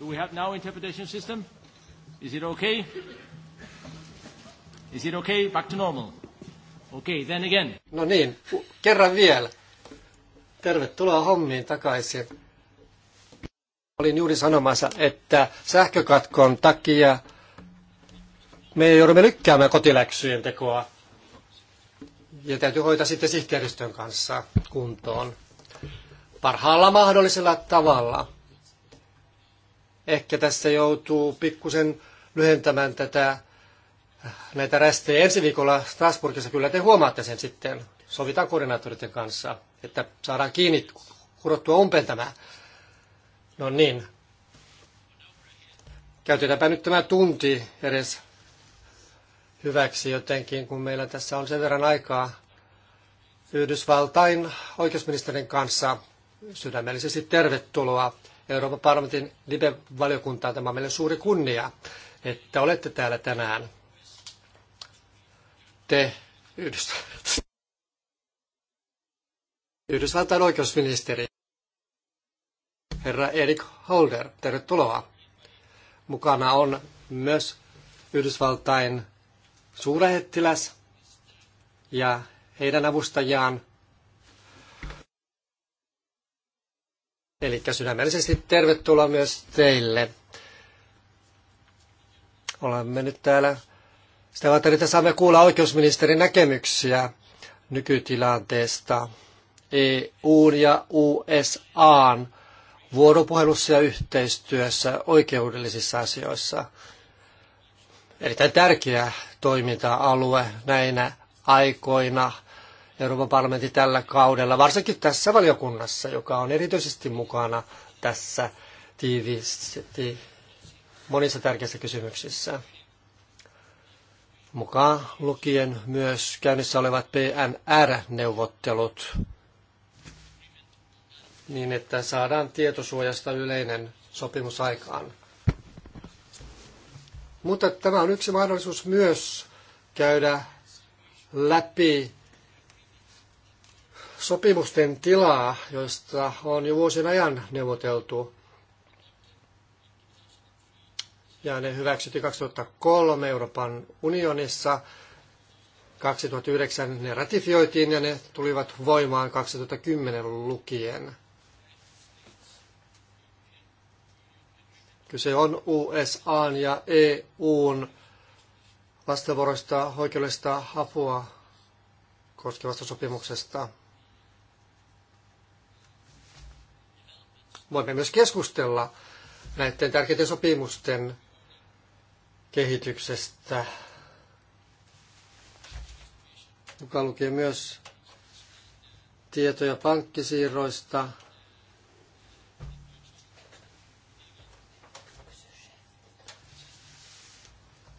Do we have now interpretation system? Is it okay? Is it okay? Back to normal. Okay, then again. No niin, kerran vielä. Tervetuloa hommiin takaisin. Olin juuri sanomassa, että sähkökatkon takia me joudumme lykkäämään kotiläksyjen tekoa. Ja täytyy hoitaa sitten sihteeristön kanssa kuntoon parhaalla mahdollisella tavalla. Ehkä tässä joutuu pikkusen lyhentämään tätä, näitä rästejä. Ensi viikolla Strasbourgissa kyllä te huomaatte sen sitten. Sovitaan koordinaattoriten kanssa, että saadaan kiinni kurottua umpeen tämä. No niin. Käytetäänpä nyt tämä tunti edes hyväksi jotenkin, kun meillä tässä on sen verran aikaa Yhdysvaltain oikeusministerin kanssa sydämellisesti tervetuloa Euroopan parlamentin live-valiokuntaan. Tämä on meille suuri kunnia, että olette täällä tänään. Te Yhdysvaltain, oikeusministeri, herra Erik Holder, tervetuloa. Mukana on myös Yhdysvaltain suurlähettiläs ja heidän avustajaan. Eli sydämellisesti tervetuloa myös teille. Olemme nyt täällä sitä varten, että saamme kuulla oikeusministerin näkemyksiä nykytilanteesta EUn ja USAn vuoropuhelussa ja yhteistyössä oikeudellisissa asioissa. Erittäin tärkeä toiminta-alue näinä aikoina – Euroopan parlamentti tällä kaudella, varsinkin tässä valiokunnassa, joka on erityisesti mukana tässä tiiviisti monissa tärkeissä kysymyksissä. Mukaan lukien myös käynnissä olevat PNR-neuvottelut, niin että saadaan tietosuojasta yleinen sopimus aikaan. Mutta tämä on yksi mahdollisuus myös käydä läpi sopimusten tilaa, joista on jo vuosien ajan neuvoteltu. Ja ne hyväksyttiin 2003 Euroopan unionissa. 2009 ne ratifioitiin ja ne tulivat voimaan 2010 lukien. Kyse on USAn ja EUn vastavuoroista oikeudellista apua koskevasta sopimuksesta. voimme myös keskustella näiden tärkeiden sopimusten kehityksestä, mukaan lukien myös tietoja pankkisiirroista,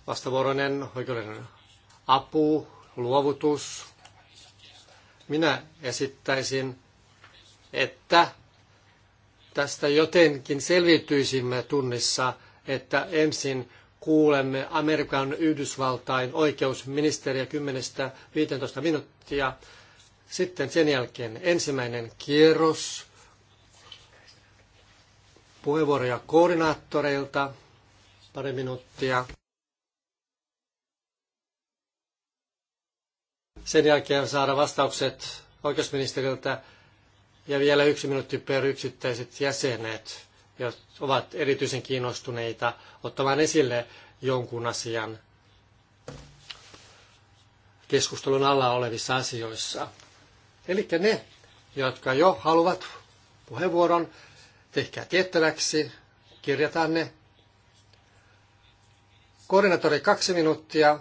vastavuoroinen oikeudellinen apu, luovutus. Minä esittäisin, että tästä jotenkin selviytyisimme tunnissa, että ensin kuulemme Amerikan Yhdysvaltain oikeusministeriä 10-15 minuuttia. Sitten sen jälkeen ensimmäinen kierros puheenvuoroja koordinaattoreilta pari minuuttia. Sen jälkeen saada vastaukset oikeusministeriltä ja vielä yksi minuutti per yksittäiset jäsenet, jotka ovat erityisen kiinnostuneita ottamaan esille jonkun asian keskustelun alla olevissa asioissa. Eli ne, jotka jo haluavat puheenvuoron, tehkää tiettäväksi, kirjataan ne. Koordinaattori kaksi minuuttia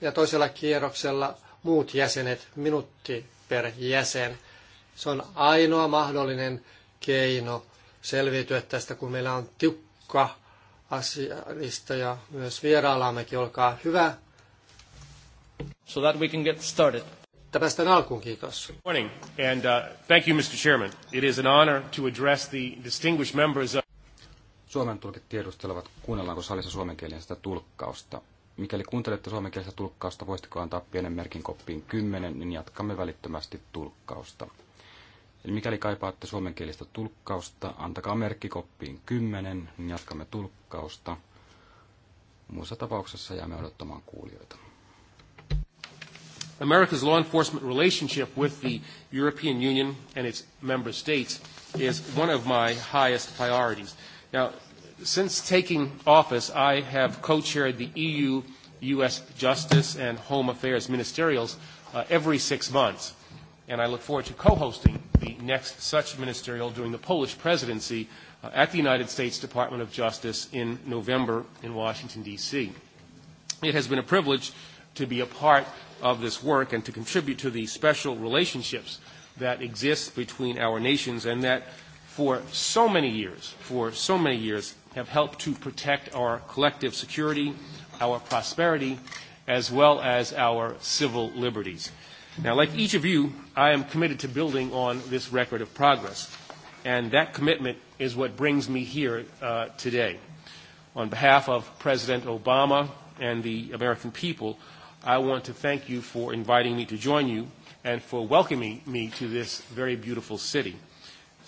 ja toisella kierroksella muut jäsenet minuutti per jäsen. Se on ainoa mahdollinen keino selviytyä tästä, kun meillä on tiukka asialista ja myös vierailammekin. Olkaa hyvä. So that we can get started. Päästään alkuun, kiitos. Morning, and uh, thank you, Mr. Chairman. It is an honor to address the distinguished members of... Suomen tulkit tiedustelevat, kuunnellaanko salissa suomenkielistä tulkkausta. Mikäli kuuntelette suomenkielistä tulkkausta, voisitteko antaa pienen merkin koppiin 10, niin jatkamme välittömästi tulkkausta. Eli mikäli kaipaatte suomenkielistä tulkkausta, antakaa merkkikoppiin 10, niin jatkamme tulkkausta. Muussa tapauksessa jäämme odottamaan kuulijoita. America's law enforcement relationship with the European Union and its member states is one of my highest priorities. Now, since taking office, I have co-chaired the EU U.S. Justice and Home Affairs Ministerials uh, every six months and I look forward to co-hosting the next such ministerial during the Polish presidency uh, at the United States Department of Justice in November in Washington, D.C. It has been a privilege to be a part of this work and to contribute to the special relationships that exist between our nations and that for so many years, for so many years, have helped to protect our collective security, our prosperity, as well as our civil liberties. Now, like each of you, I am committed to building on this record of progress, and that commitment is what brings me here uh, today. On behalf of President Obama and the American people, I want to thank you for inviting me to join you and for welcoming me to this very beautiful city.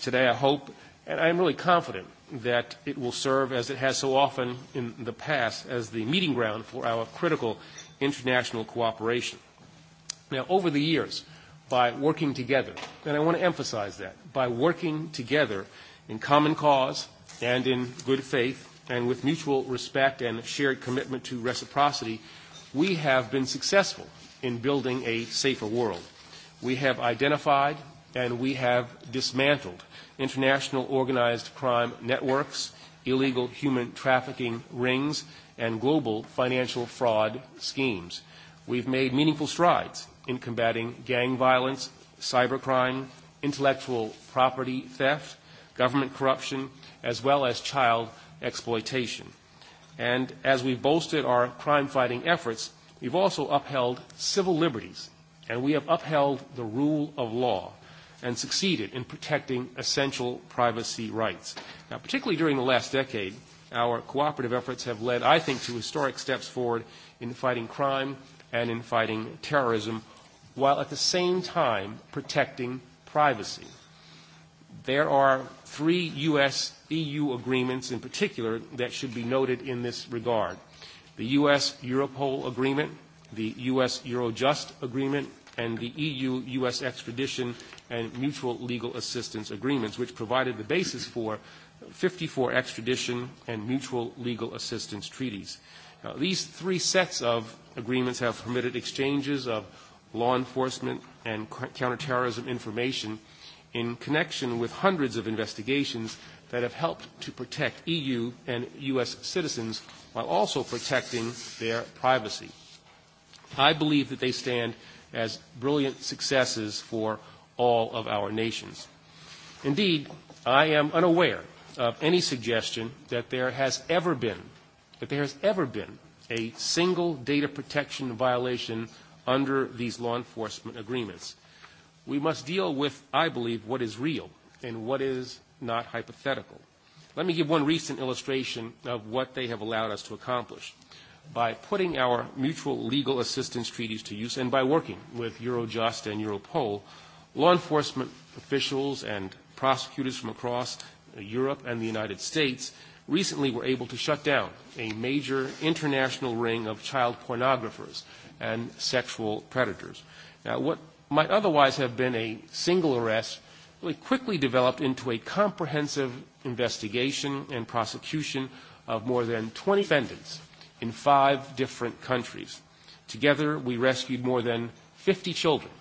Today, I hope, and I am really confident, that it will serve, as it has so often in the past, as the meeting ground for our critical international cooperation. Now, over the years, by working together, and I want to emphasize that, by working together in common cause and in good faith and with mutual respect and shared commitment to reciprocity, we have been successful in building a safer world. We have identified and we have dismantled international organized crime networks, illegal human trafficking rings, and global financial fraud schemes. We've made meaningful strides in combating gang violence, cybercrime, intellectual property theft, government corruption, as well as child exploitation. And as we've bolstered our crime-fighting efforts, we've also upheld civil liberties, and we have upheld the rule of law and succeeded in protecting essential privacy rights. Now, particularly during the last decade, our cooperative efforts have led, I think, to historic steps forward in fighting crime and in fighting terrorism, while at the same time protecting privacy. There are three U.S.-EU e agreements in particular that should be noted in this regard. The U.S. Europol agreement, the U.S. Eurojust agreement, and the EU-U.S. extradition and mutual legal assistance agreements, which provided the basis for 54 extradition and mutual legal assistance treaties. Now, these three sets of agreements have permitted exchanges of law enforcement, and counterterrorism information in connection with hundreds of investigations that have helped to protect EU and U.S. citizens while also protecting their privacy. I believe that they stand as brilliant successes for all of our nations. Indeed, I am unaware of any suggestion that there has ever been, that there has ever been a single data protection violation under these law enforcement agreements. We must deal with, I believe, what is real and what is not hypothetical. Let me give one recent illustration of what they have allowed us to accomplish. By putting our mutual legal assistance treaties to use and by working with Eurojust and Europol, law enforcement officials and prosecutors from across Europe and the United States recently were able to shut down a major international ring of child pornographers and sexual predators. Now, what might otherwise have been a single arrest really quickly developed into a comprehensive investigation and prosecution of more than 20 defendants in five different countries. Together, we rescued more than 50 children,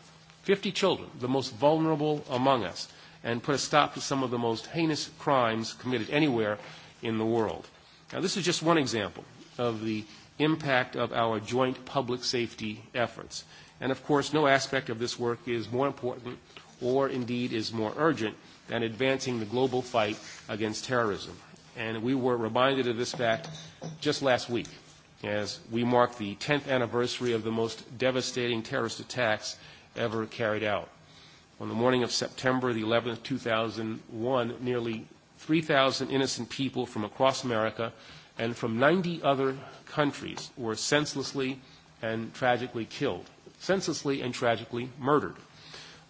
50 children, the most vulnerable among us, and put a stop to some of the most heinous crimes committed anywhere in the world. Now, this is just one example of the impact of our joint public safety efforts. And of course, no aspect of this work is more important or indeed is more urgent than advancing the global fight against terrorism. And we were reminded of this fact just last week as we marked the 10th anniversary of the most devastating terrorist attacks ever carried out. On the morning of September the 11th, 2001, nearly 3,000 innocent people from across America and from 90 other countries were senselessly and tragically killed, senselessly and tragically murdered.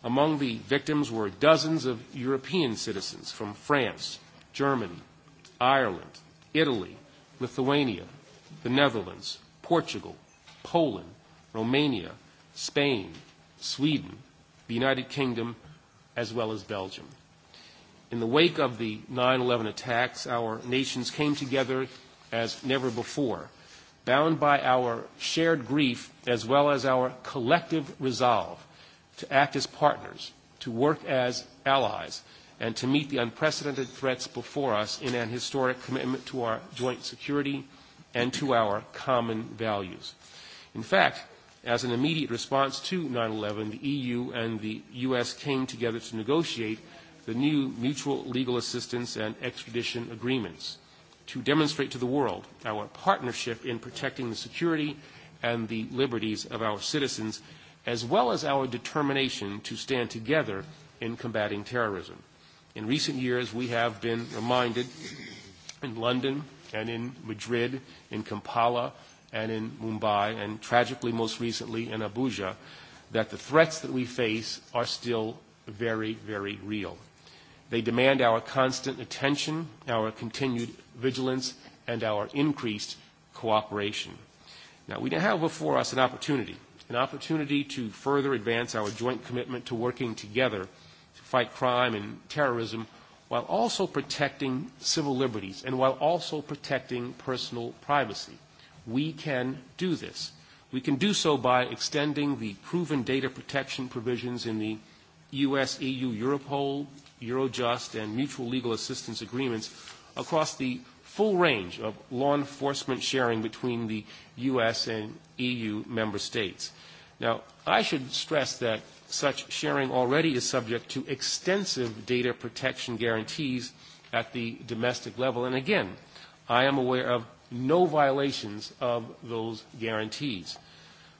Among the victims were dozens of European citizens from France, Germany, Ireland, Italy, Lithuania, the Netherlands, Portugal, Poland, Romania, Spain, Sweden, the United Kingdom, as well as Belgium. In the wake of the 9 11 attacks, our nations came together as never before, bound by our shared grief as well as our collective resolve to act as partners, to work as allies, and to meet the unprecedented threats before us in an historic commitment to our joint security and to our common values. In fact, as an immediate response to 9-11, the EU and the U.S. came together to negotiate the new mutual legal assistance and extradition agreements to demonstrate to the world our partnership in protecting the security and the liberties of our citizens, as well as our determination to stand together in combating terrorism. In recent years, we have been reminded in London and in Madrid, in Kampala and in Mumbai, and tragically most recently in Abuja, that the threats that we face are still very, very real. They demand our constant attention, our continued vigilance, and our increased cooperation. Now, we now have before us an opportunity, an opportunity to further advance our joint commitment to working together to fight crime and terrorism while also protecting civil liberties and while also protecting personal privacy. We can do this. We can do so by extending the proven data protection provisions in the US EU Europol Eurojust, and mutual legal assistance agreements across the full range of law enforcement sharing between the U.S. and EU member states. Now, I should stress that such sharing already is subject to extensive data protection guarantees at the domestic level. And again, I am aware of no violations of those guarantees.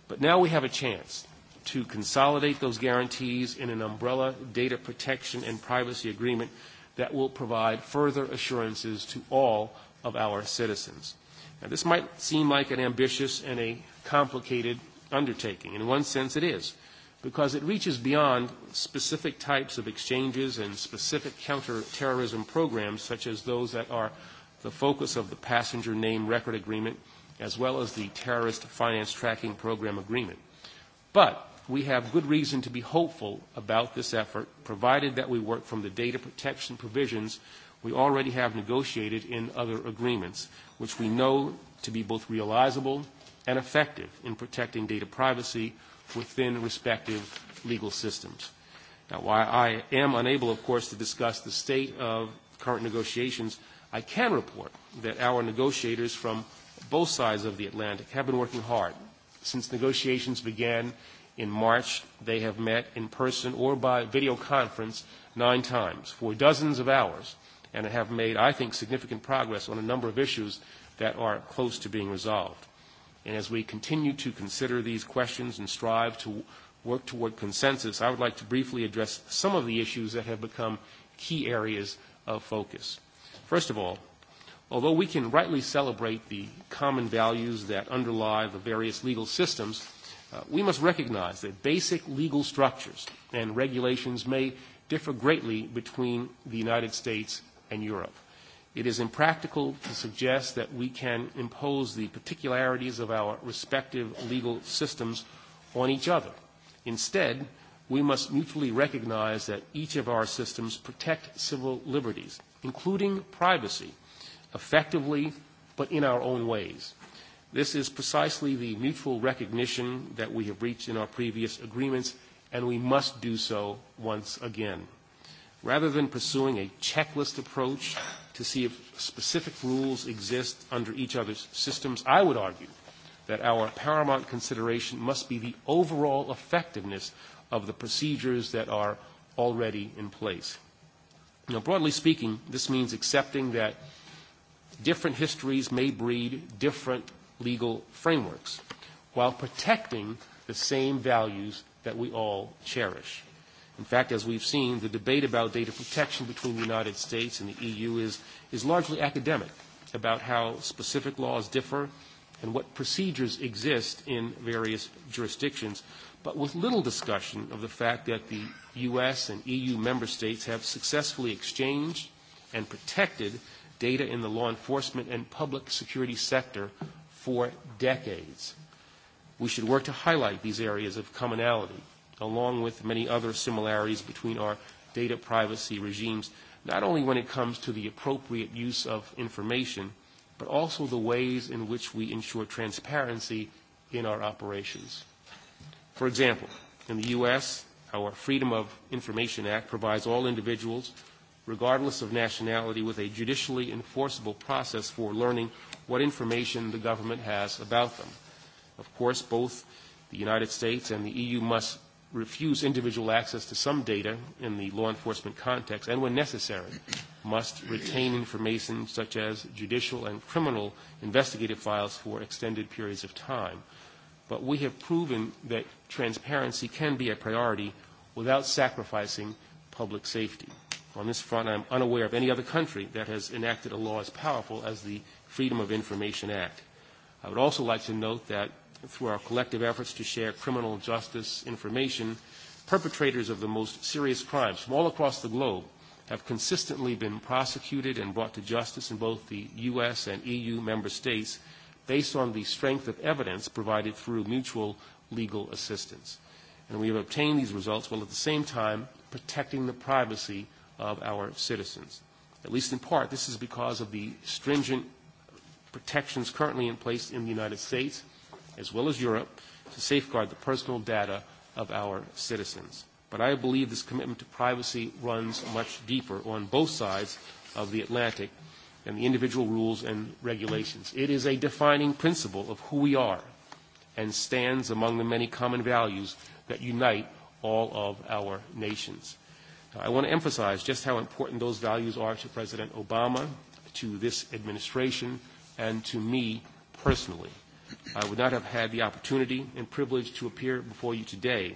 But now we have a chance to consolidate those guarantees in an umbrella data protection and privacy agreement that will provide further assurances to all of our citizens. Now, this might seem like an ambitious and a complicated undertaking. In one sense, it is, because it reaches beyond specific types of exchanges and specific counterterrorism programs, such as those that are the focus of the passenger name record agreement, as well as the terrorist finance tracking program agreement. But we have good reason to be hopeful about this effort, provided that we work from the data protection provisions we already have negotiated in other agreements, which we know to be both realizable and effective in protecting data privacy within respective legal systems. Now, while I am unable, of course, to discuss the state of current negotiations, I can report that our negotiators from both sides of the Atlantic have been working hard since negotiations began In March, they have met in person or by video conference nine times for dozens of hours and have made, I think, significant progress on a number of issues that are close to being resolved. And as we continue to consider these questions and strive to work toward consensus, I would like to briefly address some of the issues that have become key areas of focus. First of all, although we can rightly celebrate the common values that underlie the various legal systems, Uh, we must recognize that basic legal structures and regulations may differ greatly between the United States and Europe. It is impractical to suggest that we can impose the particularities of our respective legal systems on each other. Instead, we must mutually recognize that each of our systems protect civil liberties, including privacy, effectively but in our own ways. This is precisely the mutual recognition that we have reached in our previous agreements, and we must do so once again. Rather than pursuing a checklist approach to see if specific rules exist under each other's systems, I would argue that our paramount consideration must be the overall effectiveness of the procedures that are already in place. Now, broadly speaking, this means accepting that different histories may breed different legal frameworks while protecting the same values that we all cherish. In fact, as we've seen, the debate about data protection between the United States and the EU is, is largely academic about how specific laws differ and what procedures exist in various jurisdictions, but with little discussion of the fact that the U.S. and EU member states have successfully exchanged and protected data in the law enforcement and public security sector for decades. We should work to highlight these areas of commonality, along with many other similarities between our data privacy regimes, not only when it comes to the appropriate use of information, but also the ways in which we ensure transparency in our operations. For example, in the U.S., our Freedom of Information Act provides all individuals, regardless of nationality, with a judicially enforceable process for learning what information the government has about them. Of course, both the United States and the EU must refuse individual access to some data in the law enforcement context and, when necessary, must retain information such as judicial and criminal investigative files for extended periods of time. But we have proven that transparency can be a priority without sacrificing public safety. On this front, I'm unaware of any other country that has enacted a law as powerful as the Freedom of Information Act. I would also like to note that through our collective efforts to share criminal justice information, perpetrators of the most serious crimes from all across the globe have consistently been prosecuted and brought to justice in both the U.S. and EU member states based on the strength of evidence provided through mutual legal assistance. And we have obtained these results while at the same time protecting the privacy of our citizens. At least in part, this is because of the stringent protections currently in place in the United States, as well as Europe, to safeguard the personal data of our citizens. But I believe this commitment to privacy runs much deeper on both sides of the Atlantic than the individual rules and regulations. It is a defining principle of who we are and stands among the many common values that unite all of our nations. I want to emphasize just how important those values are to President Obama, to this administration, and to me personally. I would not have had the opportunity and privilege to appear before you today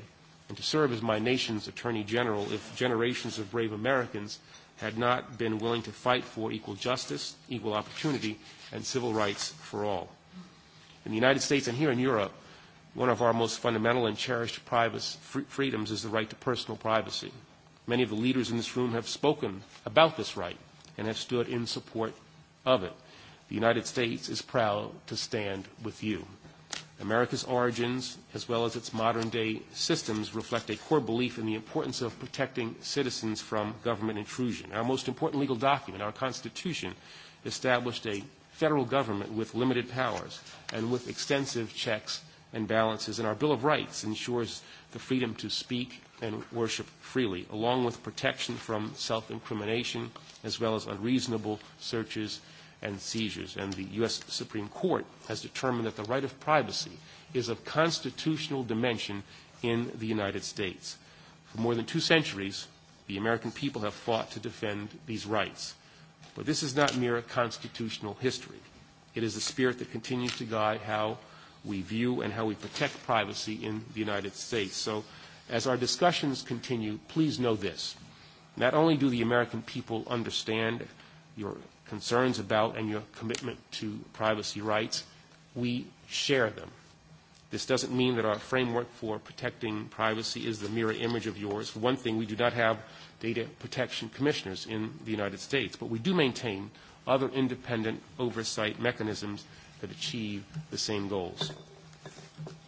and to serve as my nation's Attorney General if generations of brave Americans had not been willing to fight for equal justice, equal opportunity, and civil rights for all. In the United States and here in Europe, one of our most fundamental and cherished privacy, freedoms is the right to personal privacy. Many of the leaders in this room have spoken about this right and have stood in support of it. The United States is proud to stand with you. America's origins, as well as its modern-day systems, reflect a core belief in the importance of protecting citizens from government intrusion. Our most important legal document, our Constitution, established a federal government with limited powers and with extensive checks and balances, and our Bill of Rights ensures the freedom to speak and worship freely, along with protection from self-incrimination as well as unreasonable searches and seizures. And the U.S. Supreme Court has determined that the right of privacy is of constitutional dimension in the United States. For more than two centuries, the American people have fought to defend these rights. But this is not mere constitutional history. It is the spirit that continues to guide how we view and how we protect privacy in the United States. So As our discussions continue, please know this. Not only do the American people understand your concerns about and your commitment to privacy rights, we share them. This doesn't mean that our framework for protecting privacy is the mirror image of yours. For one thing, we do not have data protection commissioners in the United States, but we do maintain other independent oversight mechanisms that achieve the same goals.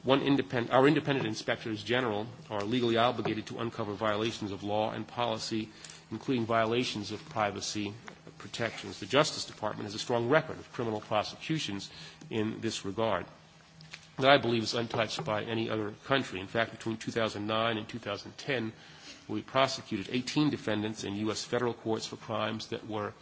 One independent, our independent inspectors general are legally obligated to uncover violations of law and policy, including violations of privacy protections. The Justice Department has a strong record of criminal prosecutions in this regard that I believe is untouched by any other country. In fact, between 2009 and 2010, we prosecuted 18 defendants in U.S. federal courts for crimes that were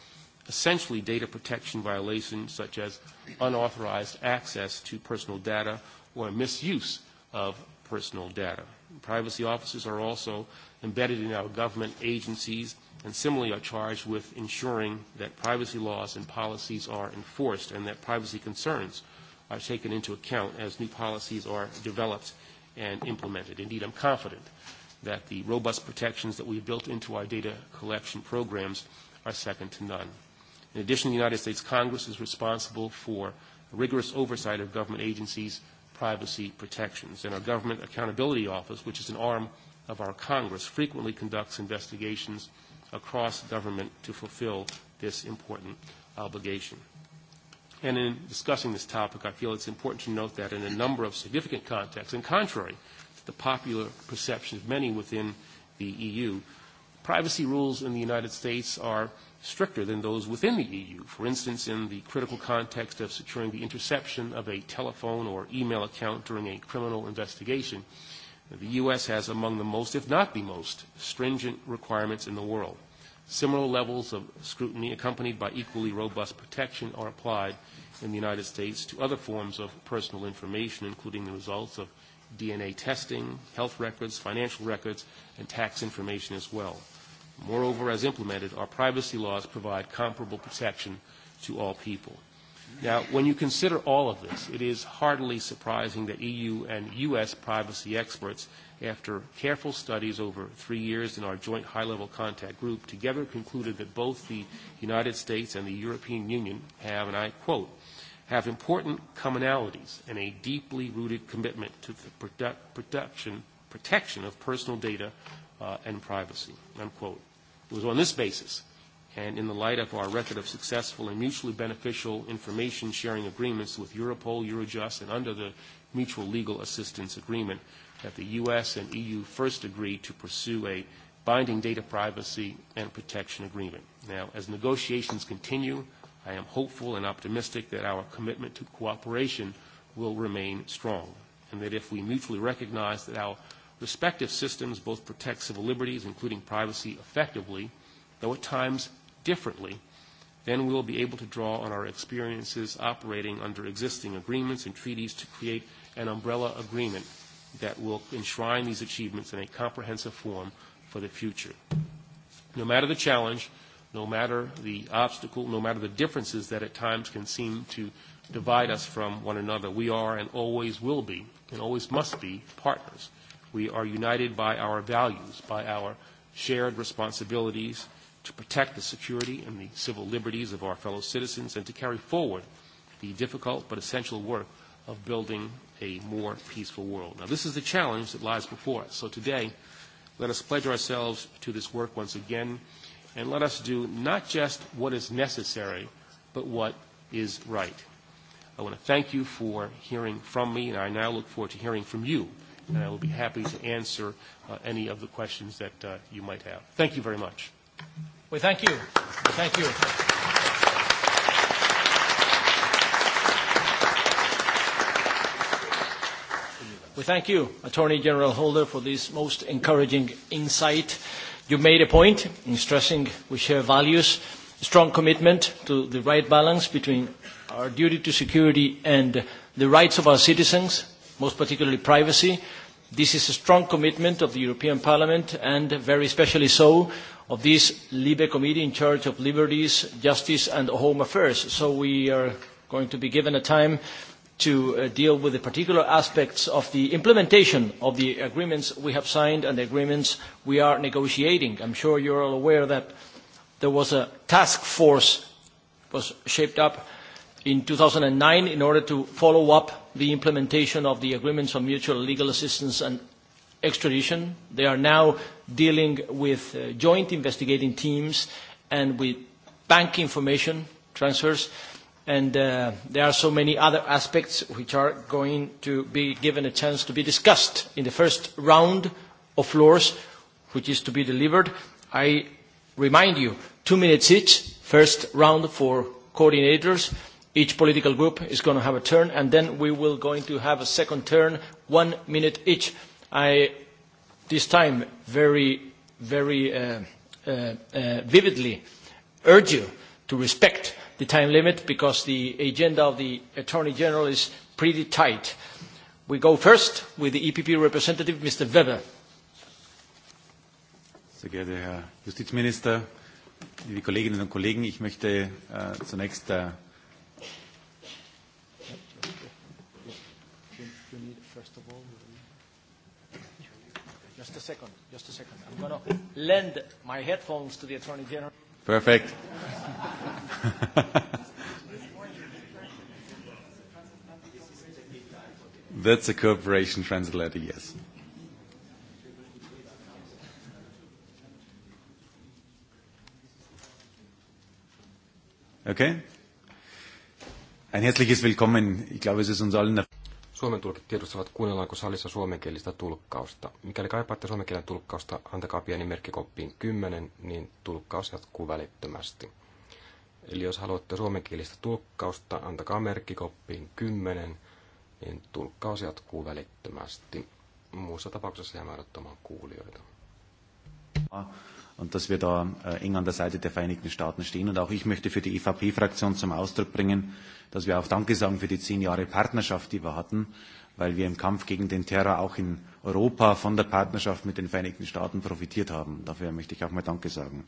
essentially data protection violations, such as unauthorized access to personal data or misuse of personal data. Privacy officers are also embedded in our government agencies and similarly are charged with ensuring that privacy laws and policies are enforced and that privacy concerns are taken into account as new policies are developed and implemented. Indeed, I'm confident that the robust protections that we've built into our data collection programs are second to none. In addition, the United States Congress is responsible for rigorous oversight of government agencies privacy protections. And our Government Accountability Office, which is an arm of our Congress, frequently conducts investigations across government to fulfill this important obligation. And in discussing this topic, I feel it's important to note that in a number of significant contexts, and contrary to the popular perception of many within the EU, privacy rules in the United States are stricter than those within the EU. For instance, in the critical context of securing the interception of a telephone or email account during a criminal investigation, the U.S. has among the most, if not the most, stringent requirements in the world. Similar levels of scrutiny accompanied by equally robust protection are applied in the United States to other forms of personal information, including the results of DNA testing, health records, financial records, and tax information as well. Moreover, as implemented, our privacy laws provide comparable protection to all people. Now, when you consider all of this, it is hardly surprising that EU and U.S. privacy experts, after careful studies over three years in our joint high-level contact group, together concluded that both the United States and the European Union have, and I quote, have important commonalities and a deeply rooted commitment to the production, protection of personal data uh, and privacy, unquote. It was on this basis, and in the light of our record of successful and mutually beneficial information sharing agreements with Europol, Eurojust, and under the Mutual Legal Assistance Agreement, that the U.S. and EU first agreed to pursue a binding data privacy and protection agreement. Now, as negotiations continue, I am hopeful and optimistic that our commitment to cooperation will remain strong, and that if we mutually recognize that our respective systems both protect civil liberties, including privacy, effectively, though at times differently, then we will be able to draw on our experiences operating under existing agreements and treaties to create an umbrella agreement that will enshrine these achievements in a comprehensive form for the future. No matter the challenge, no matter the obstacle, no matter the differences that at times can seem to divide us from one another, we are and always will be and always must be partners. We are united by our values, by our shared responsibilities to protect the security and the civil liberties of our fellow citizens and to carry forward the difficult but essential work of building a more peaceful world. Now, this is the challenge that lies before us. So today, let us pledge ourselves to this work once again, and let us do not just what is necessary, but what is right. I want to thank you for hearing from me, and I now look forward to hearing from you and I will be happy to answer uh, any of the questions that uh, you might have. Thank you very much. We well, thank you. Thank you. We thank you, Attorney General Holder, for this most encouraging insight. You made a point in stressing we share values, strong commitment to the right balance between our duty to security and the rights of our citizens, most particularly privacy. This is a strong commitment of the European Parliament and very especially so of this LIBE committee in charge of liberties, justice and home affairs. So we are going to be given a time to uh, deal with the particular aspects of the implementation of the agreements we have signed and the agreements we are negotiating. I'm sure you're all aware that there was a task force was shaped up in 2009 in order to follow up the implementation of the agreements on mutual legal assistance and extradition. They are now dealing with uh, joint investigating teams and with bank information transfers. And uh, there are so many other aspects which are going to be given a chance to be discussed in the first round of floors, which is to be delivered. I remind you, two minutes each, first round for coordinators, Each political group is going to have a turn, and then we will going to have a second turn, one minute each. I, this time, very, very uh, uh, uh, vividly urge you to respect the time limit because the agenda of the Attorney General is pretty tight. We go first with the EPP representative, Mr. Weber. Sehr geehrter Herr Justizminister, liebe Kolleginnen und Kollegen, ich möchte äh, zunächst äh, Just a second, just a second. I'm going to lend my headphones to the Attorney General. Perfect. That's a cooperation translator, yes. Okay? Ein herzliches Willkommen. Ich glaube, es ist uns allen Suomen tulkit tiedostavat, kuunnellaanko salissa suomenkielistä tulkkausta. Mikäli kaipaatte suomenkielen tulkkausta, antakaa pieni merkkikoppiin 10, niin tulkkaus jatkuu välittömästi. Eli jos haluatte suomenkielistä tulkkausta, antakaa merkkikoppiin 10, niin tulkkaus jatkuu välittömästi. Muussa tapauksessa jäämme odottamaan kuulijoita. Ah und dass wir da äh, eng an der Seite der Vereinigten Staaten stehen. Und auch ich möchte für die EVP-Fraktion zum Ausdruck bringen, dass wir auch Danke sagen für die zehn Jahre Partnerschaft, die wir hatten, weil wir im Kampf gegen den Terror auch in Europa von der Partnerschaft mit den Vereinigten Staaten profitiert haben. Dafür möchte ich auch mal Danke sagen.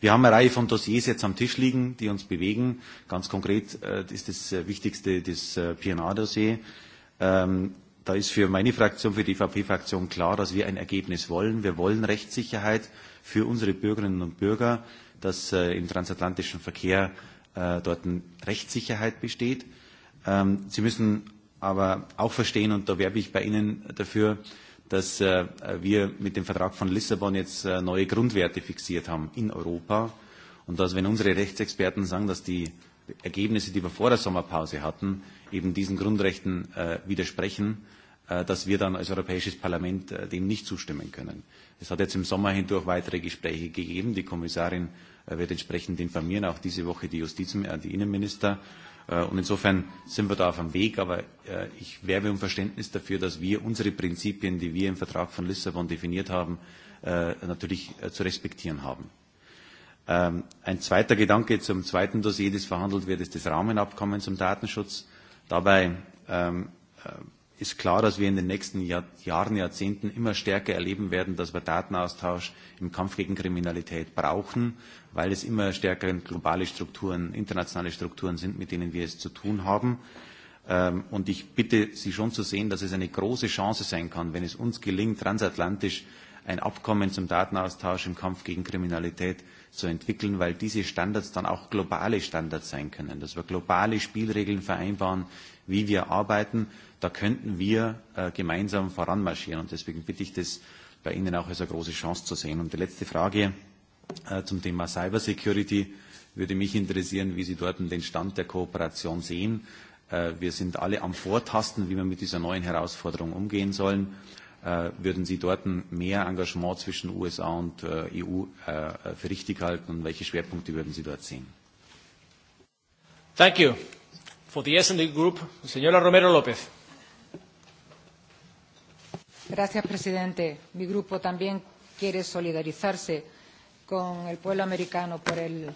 Wir haben eine Reihe von Dossiers jetzt am Tisch liegen, die uns bewegen. Ganz konkret äh, ist das äh, Wichtigste das äh, PNA-Dossier. Ähm, da ist für meine Fraktion, für die EVP-Fraktion klar, dass wir ein Ergebnis wollen. Wir wollen Rechtssicherheit für unsere Bürgerinnen und Bürger, dass äh, im transatlantischen Verkehr äh, dort eine Rechtssicherheit besteht. Ähm, Sie müssen aber auch verstehen, und da werbe ich bei Ihnen dafür, dass äh, wir mit dem Vertrag von Lissabon jetzt äh, neue Grundwerte fixiert haben in Europa und dass, wenn unsere Rechtsexperten sagen, dass die Ergebnisse, die wir vor der Sommerpause hatten, eben diesen Grundrechten äh, widersprechen, äh, dass wir dann als Europäisches Parlament äh, dem nicht zustimmen können. Es hat jetzt im Sommer hindurch weitere Gespräche gegeben. Die Kommissarin äh, wird entsprechend informieren, auch diese Woche die Justiz, äh, die Innenminister. Äh, und insofern sind wir da auf dem Weg. Aber äh, ich werbe um Verständnis dafür, dass wir unsere Prinzipien, die wir im Vertrag von Lissabon definiert haben, äh, natürlich äh, zu respektieren haben. Ähm, ein zweiter Gedanke zum zweiten Dossier, das verhandelt wird, ist das Rahmenabkommen zum Datenschutz. Dabei ähm, äh, ist klar, dass wir in den nächsten Jahr Jahren, Jahrzehnten immer stärker erleben werden, dass wir Datenaustausch im Kampf gegen Kriminalität brauchen, weil es immer stärker globale Strukturen, internationale Strukturen sind, mit denen wir es zu tun haben. Ähm, und ich bitte Sie schon zu sehen, dass es eine große Chance sein kann, wenn es uns gelingt, transatlantisch ein Abkommen zum Datenaustausch im Kampf gegen Kriminalität zu entwickeln, weil diese Standards dann auch globale Standards sein können, dass wir globale Spielregeln vereinbaren, wie wir arbeiten. Da könnten wir äh, gemeinsam voranmarschieren. Und deswegen bitte ich das bei Ihnen auch als eine große Chance zu sehen. Und die letzte Frage äh, zum Thema Cybersecurity würde mich interessieren, wie Sie dort den Stand der Kooperation sehen. Äh, wir sind alle am Vortasten, wie wir mit dieser neuen Herausforderung umgehen sollen. Äh, würden Sie dort mehr Engagement zwischen USA und äh, EU äh, für richtig halten und welche Schwerpunkte würden Sie dort sehen? Thank you. For the S&D Group, señora Romero López. Gracias, presidente. Mi grupo también quiere solidarizarse con el pueblo americano por el,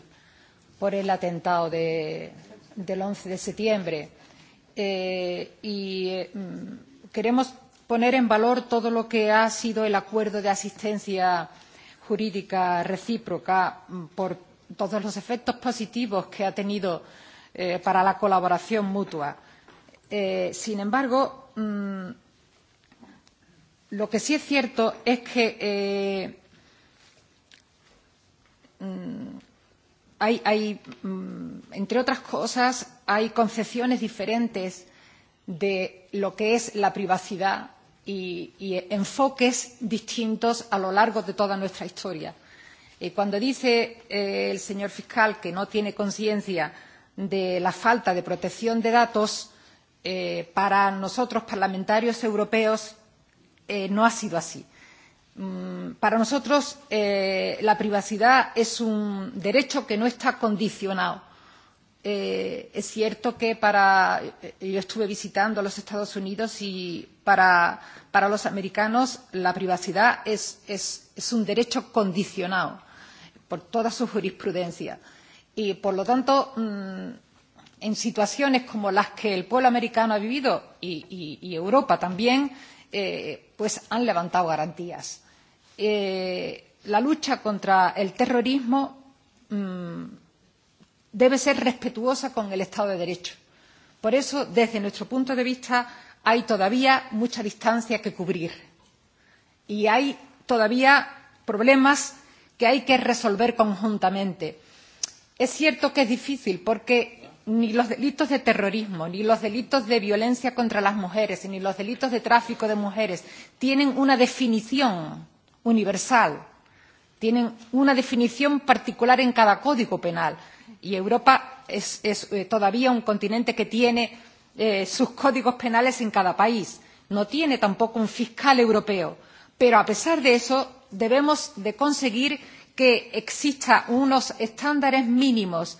por el atentado de, del 11 de septiembre. Eh, y eh, queremos poner en valor todo lo que ha sido el acuerdo de asistencia jurídica recíproca mm, por todos los efectos positivos que ha tenido eh, para la colaboración mutua. Eh, sin embargo, mmm, lo que sí es cierto es que eh, mm, hay, hay, mm, entre otras cosas, hay concepciones diferentes de lo que es la privacidad y, y enfoques distintos a lo largo de toda nuestra historia. Eh, cuando dice eh, el señor fiscal que no tiene conciencia de la falta de protección de datos, eh, para nosotros, parlamentarios europeos, eh, no ha sido así. Mm, para nosotros, eh, la privacidad es un derecho que no está condicionado. Eh, es cierto que para, eh, yo estuve visitando los Estados Unidos y para, para los americanos la privacidad es, es, es un derecho condicionado por toda su jurisprudencia. Y, por lo tanto, mmm, en situaciones como las que el pueblo americano ha vivido y, y, y Europa también, eh, pues han levantado garantías. Eh, la lucha contra el terrorismo mmm, debe ser respetuosa con el Estado de Derecho. Por eso, desde nuestro punto de vista, hay todavía mucha distancia que cubrir y hay todavía problemas que hay que resolver conjuntamente. Es cierto que es difícil porque ni los delitos de terrorismo, ni los delitos de violencia contra las mujeres, ni los delitos de tráfico de mujeres tienen una definición universal, tienen una definición particular en cada código penal. Y Europa es, es eh, todavía un continente que tiene eh, sus códigos penales en cada país. No tiene tampoco un fiscal europeo. Pero a pesar de eso, debemos de conseguir que existan unos estándares mínimos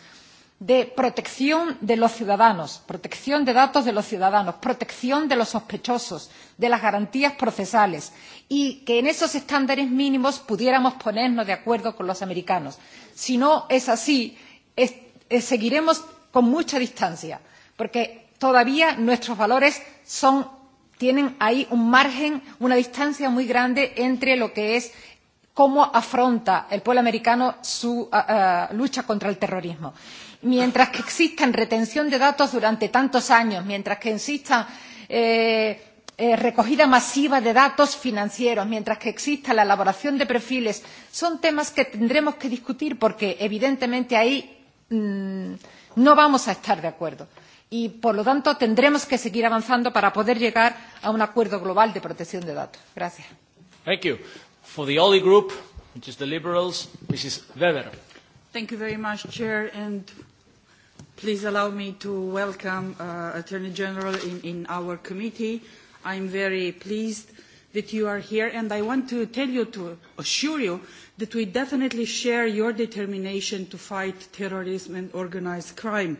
de protección de los ciudadanos, protección de datos de los ciudadanos, protección de los sospechosos, de las garantías procesales y que en esos estándares mínimos pudiéramos ponernos de acuerdo con los americanos. Si no es así, es, es, eh, seguiremos con mucha distancia, porque todavía nuestros valores son, tienen ahí un margen, una distancia muy grande entre lo que es cómo afronta el pueblo americano su uh, uh, lucha contra el terrorismo. Mientras que existan retención de datos durante tantos años, mientras que exista eh, eh, recogida masiva de datos financieros, mientras que exista la elaboración de perfiles, son temas que tendremos que discutir porque evidentemente ahí mmm, no vamos a estar de acuerdo y, por lo tanto, tendremos que seguir avanzando para poder llegar a un acuerdo global de protección de datos. Gracias. Thank you. For the OLI group, which is the Liberals, Mrs. Weber. Thank you very much, Chair, and please allow me to welcome uh, Attorney General in, in our committee. I'm very pleased that you are here, and I want to tell you, to assure you, that we definitely share your determination to fight terrorism and organized crime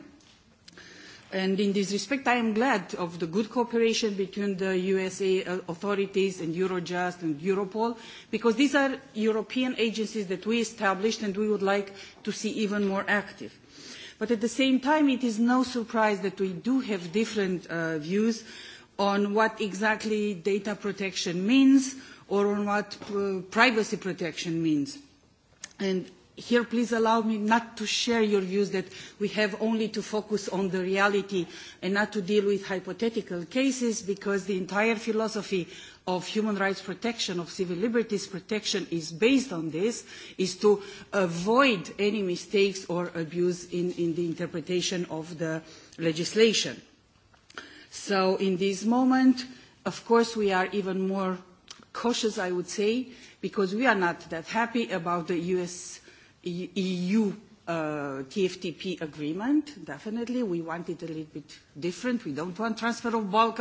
And in this respect, I am glad of the good cooperation between the USA uh, authorities and Eurojust and Europol, because these are European agencies that we established and we would like to see even more active. But at the same time, it is no surprise that we do have different uh, views on what exactly data protection means or on what uh, privacy protection means. And here please allow me not to share your views that we have only to focus on the reality and not to deal with hypothetical cases because the entire philosophy of human rights protection, of civil liberties protection is based on this, is to avoid any mistakes or abuse in, in the interpretation of the legislation. So in this moment, of course, we are even more cautious, I would say, because we are not that happy about the US EU e Uh, TFTP agreement. Definitely, we want it a little bit different. We don't want transfer of bulk,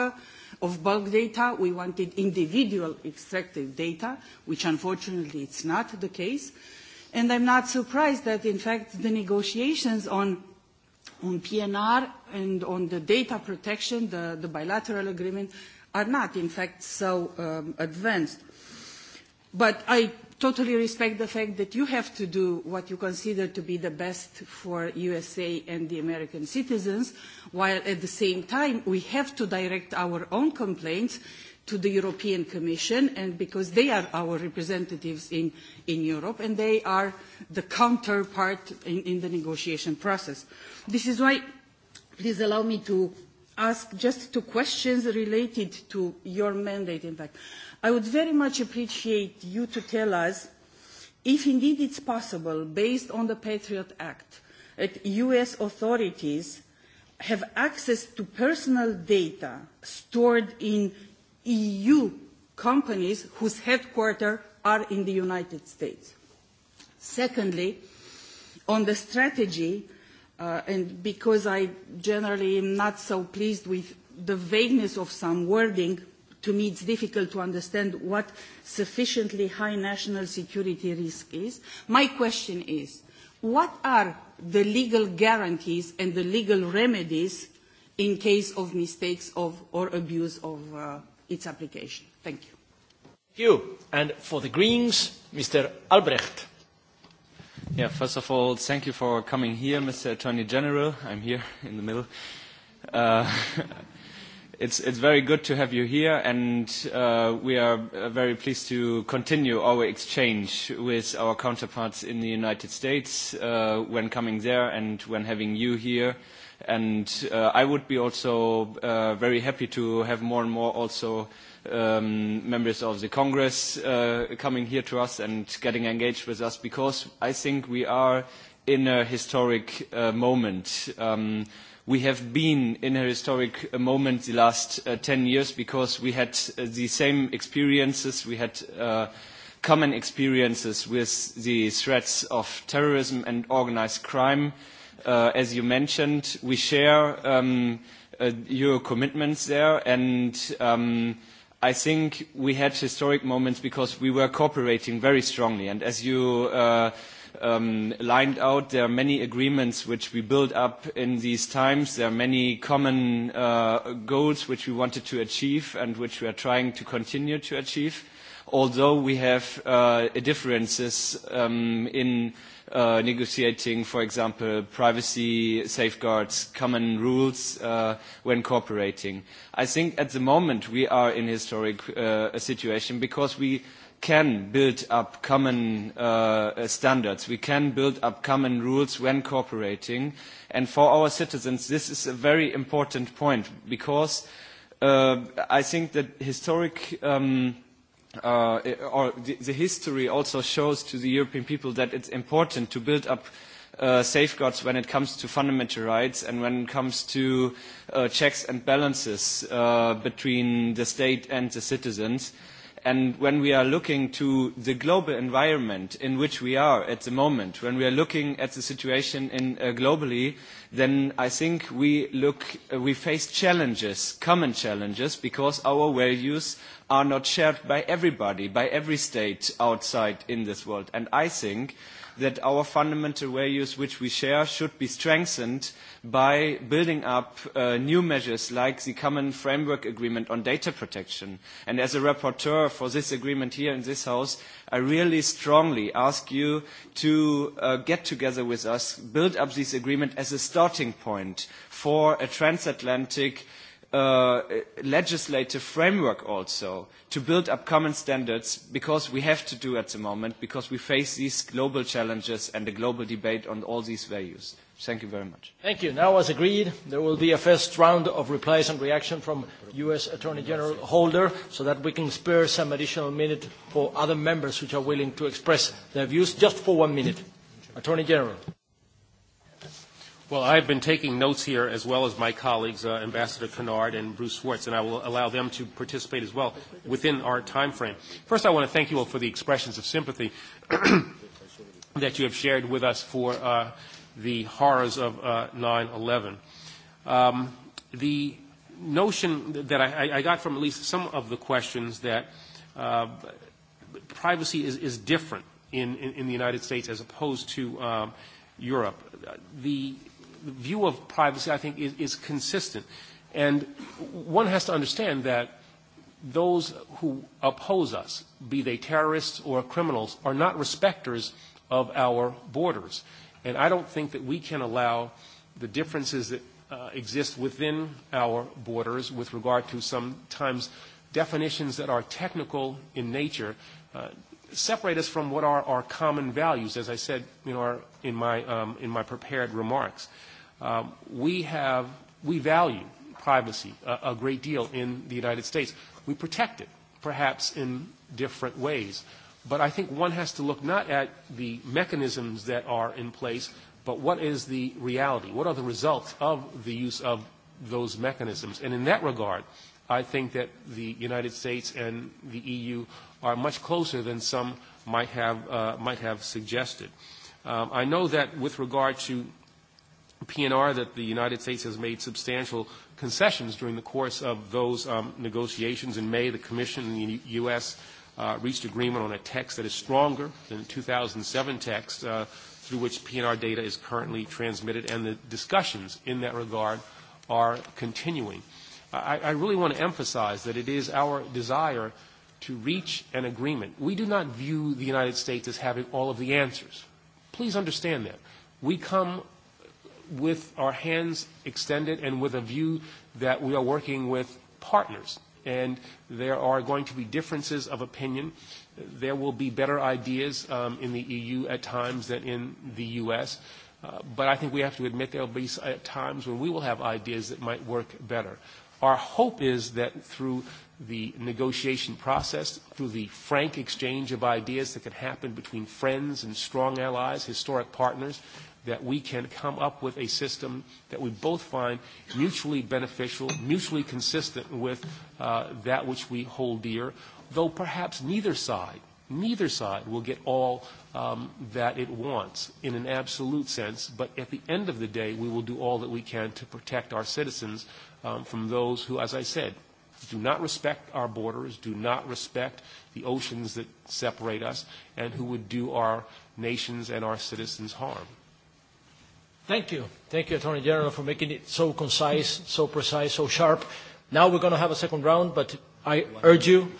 of bulk data. We wanted individual extracted data, which unfortunately it's not the case. And I'm not surprised that, in fact, the negotiations on, on PNR and on the data protection, the, the bilateral agreement, are not, in fact, so um, advanced. But I totally respect the fact that you have to do what you consider to be the best for USA and the American citizens, while at the same time we have to direct our own complaints to the European Commission, and because they are our representatives in, in Europe, and they are the counterpart in, in the negotiation process. This is why, please allow me to ask just two questions related to your mandate, in fact. I would very much appreciate you to tell us if indeed it's possible, based on the Patriot Act, that US authorities have access to personal data stored in EU companies whose headquarters are in the United States. Secondly, on the strategy, uh, and because I generally am not so pleased with the vagueness of some wording, to me it's difficult to understand what sufficiently high national security risk is. My question is, what are the legal guarantees and the legal remedies in case of mistakes of, or abuse of uh, its application? Thank you. Thank you. And for the Greens, Mr. Albrecht. Yeah, first of all, thank you for coming here, Mr. Attorney General. I'm here in the middle. Uh, it's, it's very good to have you here, and uh, we are uh, very pleased to continue our exchange with our counterparts in the United States uh, when coming there and when having you here. And uh, I would be also uh, very happy to have more and more also um, members of the Congress uh, coming here to us and getting engaged with us because I think we are in a historic uh, moment. Um, we have been in a historic uh, moment the last uh, 10 years because we had uh, the same experiences, we had uh, common experiences with the threats of terrorism and organized crime. Uh, as you mentioned, we share um, uh, your commitments there and um, I think we had historic moments because we were cooperating very strongly. And as you uh, um, lined out. There are many agreements which we built up in these times. There are many common uh, goals which we wanted to achieve and which we are trying to continue to achieve, although we have uh, differences um, in uh, negotiating, for example, privacy safeguards, common rules uh, when cooperating. I think at the moment we are in historic uh, a situation because we – can build up common uh, standards. We can build up common rules when cooperating. And for our citizens, this is a very important point because uh, I think that historic um, uh, or the, the history also shows to the European people that it's important to build up uh, safeguards when it comes to fundamental rights and when it comes to uh, checks and balances uh, between the state and the citizens. Uh, and when we are looking to the global environment in which we are at the moment, when we are looking at the situation in, uh, globally, then I think we, look, uh, we face challenges, common challenges, because our values are not shared by everybody, by every state outside in this world. And I think that our fundamental values which we share should be strengthened by building up uh, new measures like the common framework agreement on data protection. And as a rapporteur for this agreement here in this house, I really strongly ask you to uh, get together with us, build up this agreement as a starting point for a transatlantic Uh, legislative framework also to build up common standards because we have to do at the moment because we face these global challenges and the global debate on all these values. Thank you very much. Thank you. Now, as agreed, there will be a first round of replies and reaction from U.S. Attorney General Holder so that we can spare some additional minute for other members which are willing to express their views, just for one minute. Attorney General. Well, I've been taking notes here as well as my colleagues, uh, Ambassador Kennard and Bruce Schwartz, and I will allow them to participate as well within our time frame. First, I want to thank you all for the expressions of sympathy that you have shared with us for uh, the horrors of uh, 9-11. Um, the notion that I, I got from at least some of the questions that uh, privacy is, is different in, in, in the United States as opposed to um, Europe. The view of privacy, I think, is, is consistent. And one has to understand that those who oppose us, be they terrorists or criminals, are not respecters of our borders. And I don't think that we can allow the differences that uh, exist within our borders with regard to sometimes definitions that are technical in nature uh, separate us from what are our common values, as I said in, our, in, my, um, in my prepared remarks. Uh, Um, we have, we value privacy a, a great deal in the United States. We protect it, perhaps in different ways. But I think one has to look not at the mechanisms that are in place, but what is the reality? What are the results of the use of those mechanisms? And in that regard, I think that the United States and the EU are much closer than some might have, uh, might have suggested. Um, I know that with regard to PNR that the United States has made substantial concessions during the course of those um, negotiations. In May, the Commission and the U.S. Uh, reached agreement on a text that is stronger than the 2007 text uh, through which PNR data is currently transmitted, and the discussions in that regard are continuing. I, I really want to emphasize that it is our desire to reach an agreement. We do not view the United States as having all of the answers. Please understand that. We come with our hands extended and with a view that we are working with partners. And there are going to be differences of opinion. There will be better ideas um, in the EU at times than in the US. Uh, but I think we have to admit there will be uh, times when we will have ideas that might work better. Our hope is that through the negotiation process, through the frank exchange of ideas that can happen between friends and strong allies, historic partners, that we can come up with a system that we both find mutually beneficial, mutually consistent with uh, that which we hold dear, though perhaps neither side, neither side will get all um, that it wants in an absolute sense. But at the end of the day, we will do all that we can to protect our citizens um, from those who, as I said, do not respect our borders, do not respect the oceans that separate us, and who would do our nations and our citizens harm. Thank you. Thank you, Attorney General, for making it so concise, so precise, so sharp. Now we're going to have a second round, but I urge you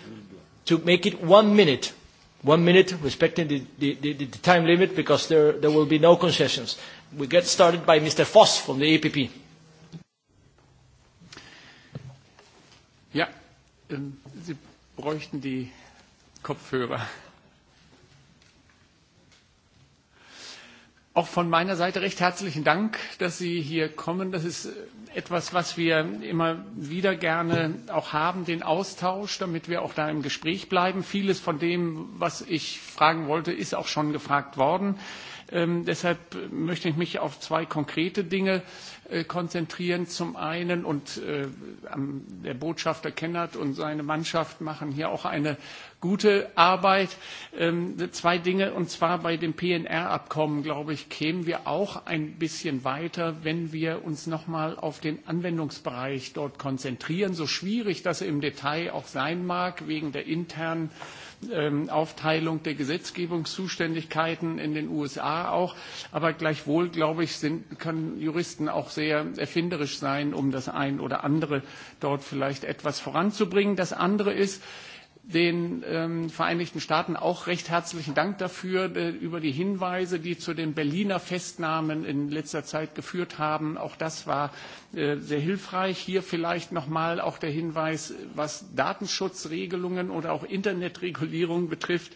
to make it one minute, one minute, respecting the, the, the, the time limit, because there, there will be no concessions. We get started by Mr. Foss from the EPP. Ja, ähm, Sie bräuchten die Kopfhörer. Auch von meiner Seite recht herzlichen Dank, dass Sie hier kommen. Das ist etwas, was wir immer wieder gerne auch haben, den Austausch, damit wir auch da im Gespräch bleiben. Vieles von dem, was ich fragen wollte, ist auch schon gefragt worden. Ähm, deshalb möchte ich mich auf zwei konkrete Dinge äh, konzentrieren. Zum einen, und äh, der Botschafter Kennert und seine Mannschaft machen hier auch eine gute Arbeit. Ähm, zwei Dinge, und zwar bei dem PNR-Abkommen, glaube ich, kämen wir auch ein bisschen weiter, wenn wir uns nochmal auf den Anwendungsbereich dort konzentrieren. So schwierig das im Detail auch sein mag, wegen der internen ähm, Aufteilung der Gesetzgebungszuständigkeiten in den USA auch. Aber gleichwohl, glaube ich, sind, können Juristen auch sehr erfinderisch sein, um das ein oder andere dort vielleicht etwas voranzubringen. Das andere ist, den ähm, Vereinigten Staaten auch recht herzlichen Dank dafür, äh, über die Hinweise, die zu den Berliner Festnahmen in letzter Zeit geführt haben. Auch das war äh, sehr hilfreich. Hier vielleicht nochmal auch der Hinweis, was Datenschutzregelungen oder auch Internetregulierung betrifft.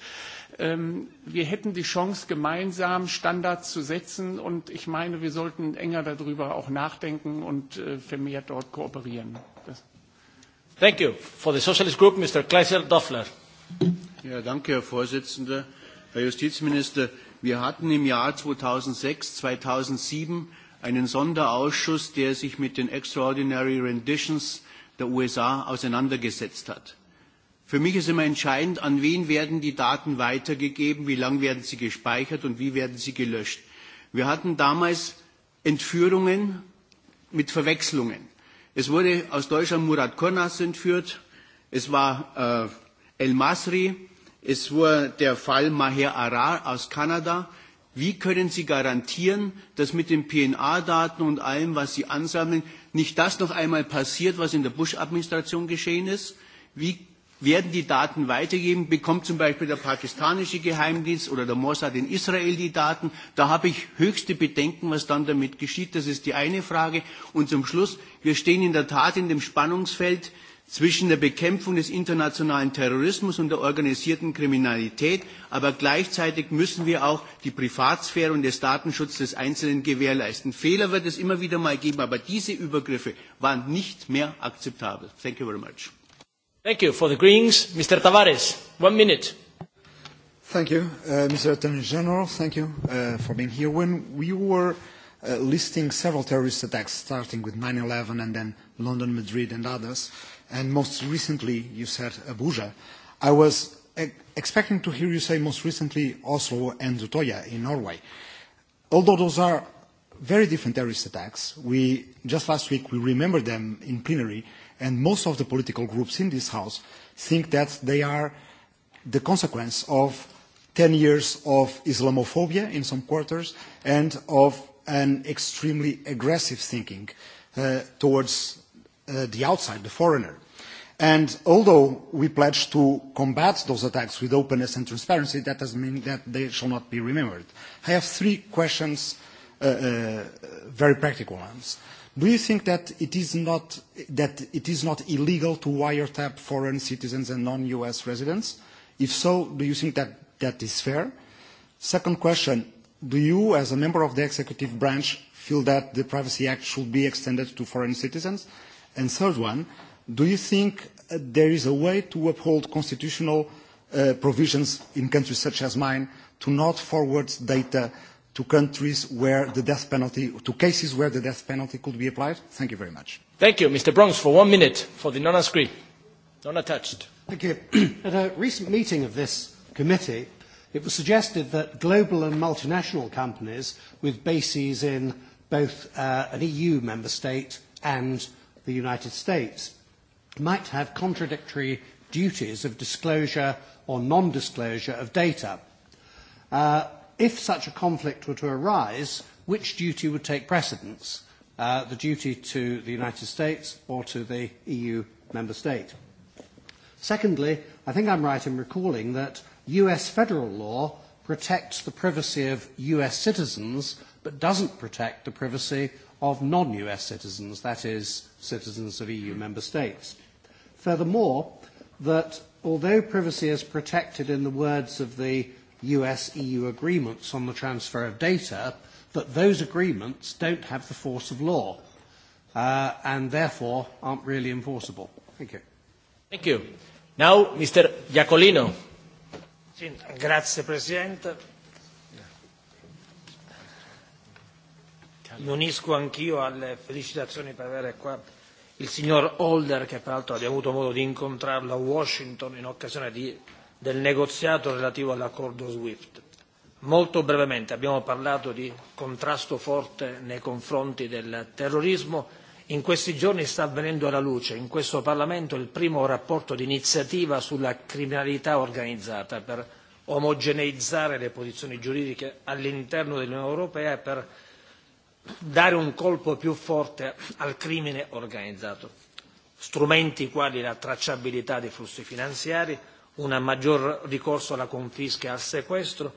Ähm, wir hätten die Chance, gemeinsam Standards zu setzen. Und ich meine, wir sollten enger darüber auch nachdenken und äh, vermehrt dort kooperieren. Das Thank you. For the Socialist Group, Mr. Kleiser Doffler. Ja, danke, Herr Vorsitzender. Herr Justizminister, wir hatten im Jahr 2006, 2007 einen Sonderausschuss, der sich mit den Extraordinary Renditions der USA auseinandergesetzt hat. Für mich ist immer entscheidend, an wen werden die Daten weitergegeben, wie lange werden sie gespeichert und wie werden sie gelöscht. Wir hatten damals Entführungen mit Verwechslungen. Es wurde aus Deutschland Murat Kurnas entführt. Es war äh, El Masri. Es war der Fall Maher Arar aus Kanada. Wie können Sie garantieren, dass mit den PNA-Daten und allem, was Sie ansammeln, nicht das noch einmal passiert, was in der Bush-Administration geschehen ist? Wie werden die Daten weitergegeben, bekommt zum Beispiel der pakistanische Geheimdienst oder der Mossad in Israel die Daten. Da habe ich höchste Bedenken, was dann damit geschieht. Das ist die eine Frage. Und zum Schluss, wir stehen in der Tat in dem Spannungsfeld zwischen der Bekämpfung des internationalen Terrorismus und der organisierten Kriminalität, aber gleichzeitig müssen wir auch die Privatsphäre und den Datenschutz des Einzelnen gewährleisten. Fehler wird es immer wieder mal geben, aber diese Übergriffe waren nicht mehr akzeptabel. Thank you very much. Thank you for the Greens. Mr. Tavares, one minute. Thank you, uh, Mr. Attorney General. Thank you uh, for being here. When we were uh, listing several terrorist attacks, starting with 9-11 and then London, Madrid and others, and most recently you said Abuja, I was e expecting to hear you say most recently Oslo and Utoya in Norway. Although those are very different terrorist attacks, we, just last week we remembered them in plenary, uh, and most of the political groups in this House think that they are the consequence of 10 years of Islamophobia in some quarters and of an extremely aggressive thinking uh, towards uh, the outside, the foreigner. And although we pledge to combat those attacks with openness and transparency, that doesn't mean that they shall not be remembered. I have three questions, uh, uh, very practical ones. Uh, Do you think that it is not, that it is not illegal to wiretap foreign citizens and non-US residents? If so, do you think that that is fair? Second question, do you, as a member of the executive branch, feel that the Privacy Act should be extended to foreign citizens? And third one, do you think uh, there is a way to uphold constitutional uh, provisions in countries such as mine to not forward data to countries where the death penalty, to cases where the death penalty could be applied? Thank you very much. Thank you, Mr. Bronx, for one minute for the non-unscreen, non-attached. Thank you. At a recent meeting of this committee, it was suggested that global and multinational companies with bases in both uh, an EU member state and the United States might have contradictory duties of disclosure or non-disclosure of data. Uh, if such a conflict were to arise, which duty would take precedence? Uh, the duty to the United States or to the EU member state? Secondly, I think I'm right in recalling that US federal law protects the privacy of US citizens but doesn't protect the privacy of non-US citizens, that is, citizens of EU member states. Furthermore, that although privacy is protected in the words of the US-EU e agreements on the transfer of data, that those agreements don't have the force of law uh, and therefore aren't really enforceable. Thank you. Thank you. Now, Mr. Iacolino. grazie Presidente. Mi unisco anch'io alle felicitazioni per avere qua il signor Holder, che peraltro abbiamo avuto modo di incontrarlo a Washington in occasione di del negoziato relativo all'accordo SWIFT. Molto brevemente abbiamo parlato di contrasto forte nei confronti del terrorismo. In questi giorni sta avvenendo alla luce in questo Parlamento il primo rapporto d'iniziativa sulla criminalità organizzata per omogeneizzare le posizioni giuridiche all'interno dell'Unione Europea e per dare un colpo più forte al crimine organizzato. Strumenti quali la tracciabilità dei flussi finanziari, un maggior ricorso alla confisca e al sequestro,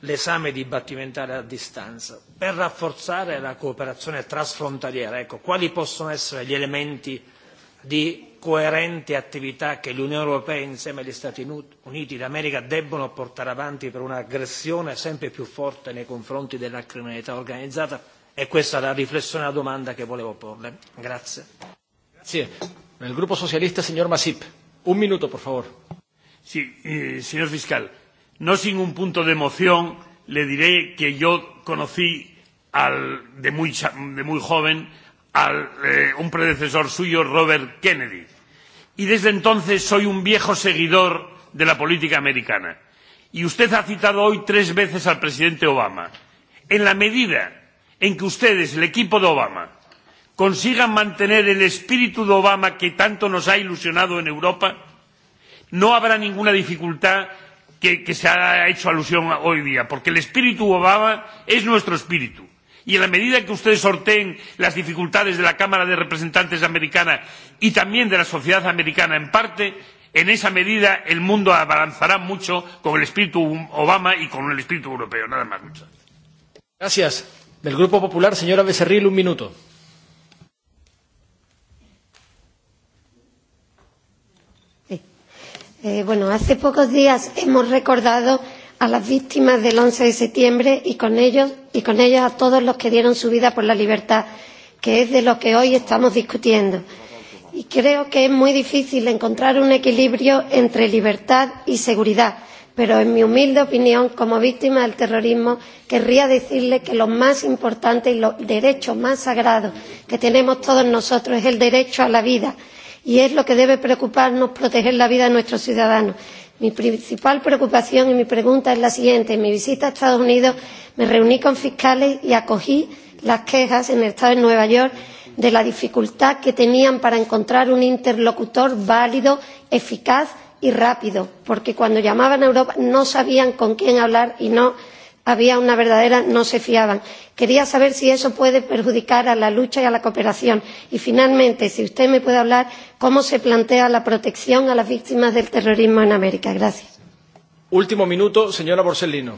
l'esame dibattimentale a distanza, per rafforzare la cooperazione trasfrontaliera. Ecco, quali possono essere gli elementi di coerente attività che l'Unione Europea insieme agli Stati Uniti d'America debbono portare avanti per un'aggressione sempre più forte nei confronti della criminalità organizzata? E questa è la riflessione e la domanda che volevo porle. Grazie. Grazie. Nel gruppo socialista, signor Masip. Un minuto, per favore. Sí, eh, señor fiscal, no sin un punto de emoción le diré que yo conocí al, de, muy, de muy joven al, eh, un predecesor suyo, Robert Kennedy. Y desde entonces soy un viejo seguidor de la política americana. Y usted ha citado hoy tres veces al presidente Obama. En la medida en que ustedes, el equipo de Obama, consigan mantener el espíritu de Obama que tanto nos ha ilusionado en Europa, no habrá ninguna dificultad que, que se ha hecho alusión hoy día, porque el espíritu Obama es nuestro espíritu. Y en la medida que ustedes sorteen las dificultades de la Cámara de Representantes americana y también de la sociedad americana en parte, en esa medida el mundo avanzará mucho con el espíritu Obama y con el espíritu europeo. Nada más. Muchas gracias. Del Grupo Popular, señora Becerril, un minuto. Eh, bueno, hace pocos días hemos recordado a las víctimas del 11 de septiembre y con ellos y con ellas a todos los que dieron su vida por la libertad, que es de lo que hoy estamos discutiendo. Y creo que es muy difícil encontrar un equilibrio entre libertad y seguridad, pero en mi humilde opinión, como víctima del terrorismo, querría decirle que lo más importante y los derechos más sagrados que tenemos todos nosotros es el derecho a la vida y es lo que debe preocuparnos proteger la vida de nuestros ciudadanos. Mi principal preocupación y mi pregunta es la siguiente. En mi visita a Estados Unidos me reuní con fiscales y acogí las quejas en el estado de Nueva York de la dificultad que tenían para encontrar un interlocutor válido, eficaz y rápido, porque cuando llamaban a Europa no sabían con quién hablar y no había una verdadera no se fiaban. Quería saber si eso puede perjudicar a la lucha y a la cooperación. Y finalmente, si usted me puede hablar cómo se plantea la protección a las víctimas del terrorismo en América. Gracias. Último minuto, señora Borsellino.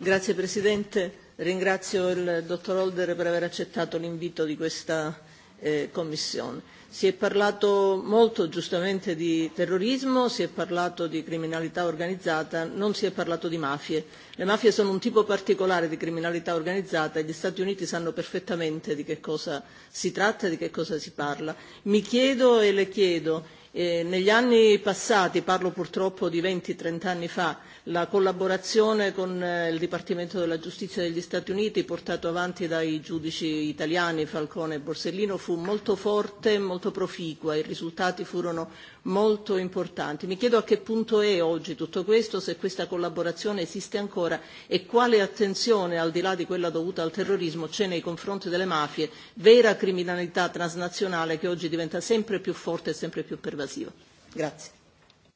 Grazie Presidente. Ringrazio il dottor Holder per aver accettato l'invito di questa eh, Commissione Si è parlato molto giustamente di terrorismo, si è parlato di criminalità organizzata, non si è parlato di mafie. Le mafie sono un tipo particolare di criminalità organizzata e gli Stati Uniti sanno perfettamente di che cosa si tratta e di che cosa si parla. Mi chiedo e le chiedo, eh, negli anni passati, parlo purtroppo di 20-30 anni fa, la collaborazione con eh, il Dipartimento della Giustizia degli Stati Uniti portato avanti dai giudici italiani Falcone e Borsellino fu molto forte e molto proficua, i risultati furono molto importanti. Mi chiedo a che punto è oggi tutto questo, se questa collaborazione esiste ancora e quale attenzione, al di là di quella dovuta al terrorismo, c'è nei confronti delle mafie, vera criminalità transnazionale che oggi diventa sempre più forte e sempre più pervasiva. Grazie.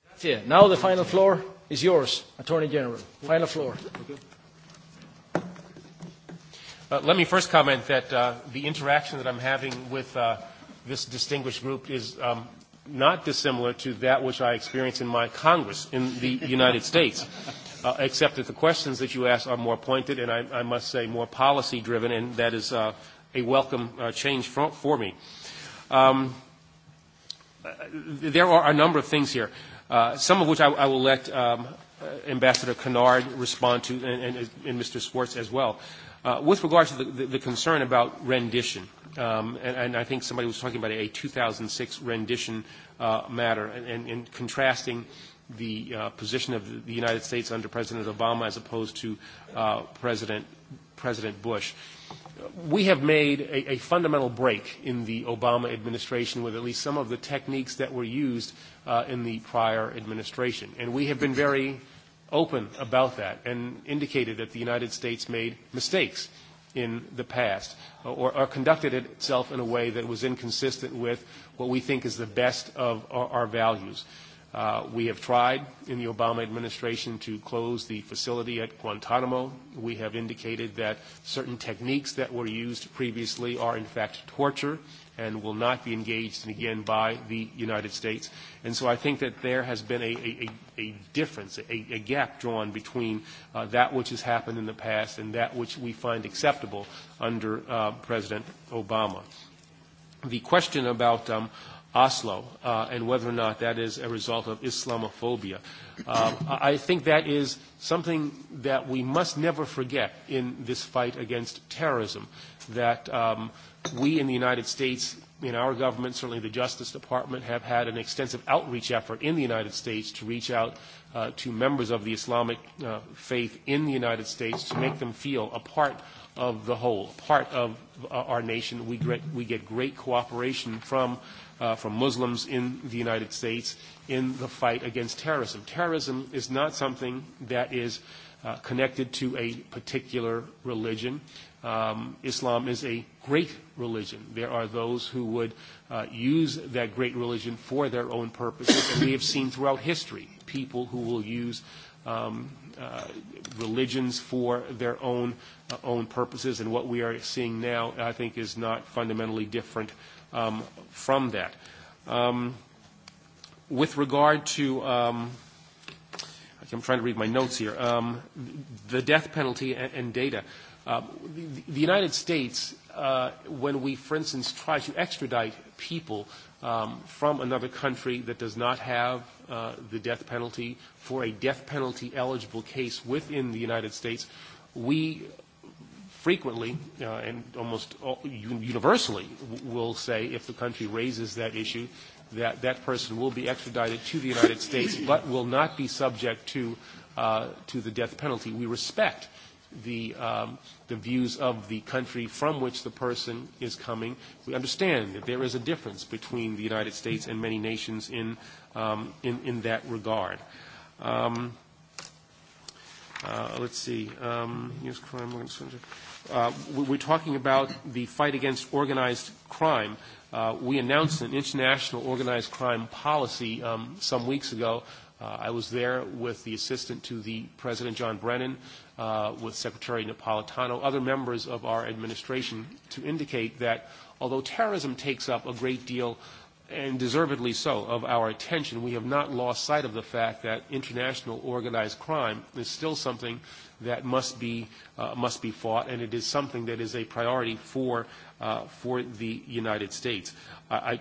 Grazie. Now the final floor is yours, Attorney General. Final floor. Uh, let me first comment that uh, the interaction that I'm having with uh, this distinguished group is um, not dissimilar to that which I experience in my Congress in the United States, uh, except that the questions that you ask are more pointed and I, I must say more policy driven, and that is uh, a welcome uh, change for, for me. Um, uh, there are a number of things here. Uh, some of which I, I will let um, uh, Ambassador Kennard respond to and, and, and Mr. Schwartz as well. Uh, with regard to the, the, the concern about rendition, um, and, and I think somebody was talking about a 2006 rendition uh, matter and, and, and contrasting the uh, position of the United States under President Obama as opposed to uh, President, President Bush. We have made a, a fundamental break in the Obama administration with at least some of the techniques that were used uh, uh, in the prior administration. And we have been very open about that and indicated that the United States made mistakes in the past uh, or, or conducted itself in a way that was inconsistent with what we think is the best of our, our values. Uh, we have tried in the Obama administration to close the facility at Guantanamo. We have indicated that certain techniques that were used previously are in fact torture. Uh, and will not be engaged in again by the United States. And so I think that there has been a, a, a difference, a, a gap drawn between uh, that which has happened in the past and that which we find acceptable under uh, President Obama. The question about um, uh, Oslo uh, and whether or not that is a result of Islamophobia. Uh, I think that is something that we must never forget in this fight against terrorism, that um, we in the United States, in our government, certainly the Justice Department, have had an extensive outreach effort in the United States to reach out uh, to members of the Islamic uh, faith in the United States to make them feel a part of the whole, part of uh, our nation. We, get, we get great cooperation from uh, from Muslims in the United States in the fight against terrorism. Terrorism is not something that is uh, connected to a particular religion. Um, Islam is a great religion. There are those who would uh, use that great religion for their own purposes, and we have seen throughout history people who will use um, uh, religions for their own uh, own purposes, and what we are seeing now, I think, is not fundamentally different um, from that. Um, with regard to, um, I'm trying to read my notes here, um, the death penalty and, and data. Uh, the, the United States, uh, when we, for instance, try to extradite people um, from another country that does not have uh, the death penalty for a death penalty eligible case within the United States, we frequently uh, and almost universally will say if the country raises that issue that that person will be extradited to the United States but will not be subject to, uh, to the death penalty. We respect the, um, the views of the country from which the person is coming. We understand that there is a difference between the United States and many nations in, um, in, in that regard. Um, Uh, let's see. Um, crime uh, we're talking about the fight against organized crime. Uh, we announced an international organized crime policy um, some weeks ago. Uh, I was there with the assistant to the President John Brennan, uh, with Secretary Napolitano, other members of our administration, to indicate that although terrorism takes up a great deal of and deservedly so, of our attention. We have not lost sight of the fact that international organized crime is still something that must be uh, must be fought, and it is something that is a priority for uh, for the United States. I, I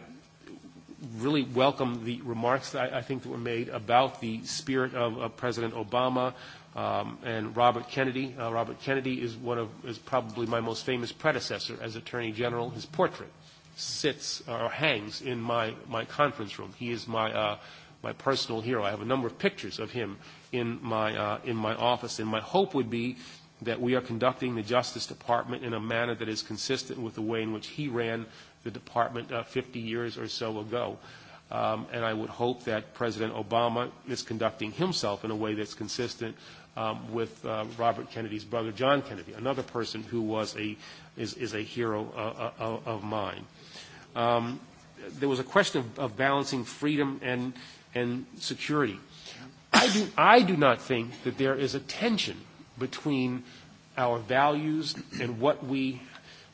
really welcome the remarks that I, I think that were made about the spirit of, of President Obama. Um, and Robert Kennedy. Uh, Robert Kennedy is one of is probably my most famous predecessor as Attorney General. His portrait sits or hangs in my, my conference room. He is my, uh, my personal hero. I have a number of pictures of him in my, uh, in my office, and my hope would be that we are conducting the Justice Department in a manner that is consistent with the way in which he ran the department uh, 50 years or so ago. Um, and I would hope that President Obama is conducting himself in a way that's consistent um, with uh, Robert Kennedy's brother, John Kennedy, another person who was a, is, is a hero uh, uh, of mine. Um, there was a question of, of balancing freedom and, and security. I do, I do not think that there is a tension between our values and what we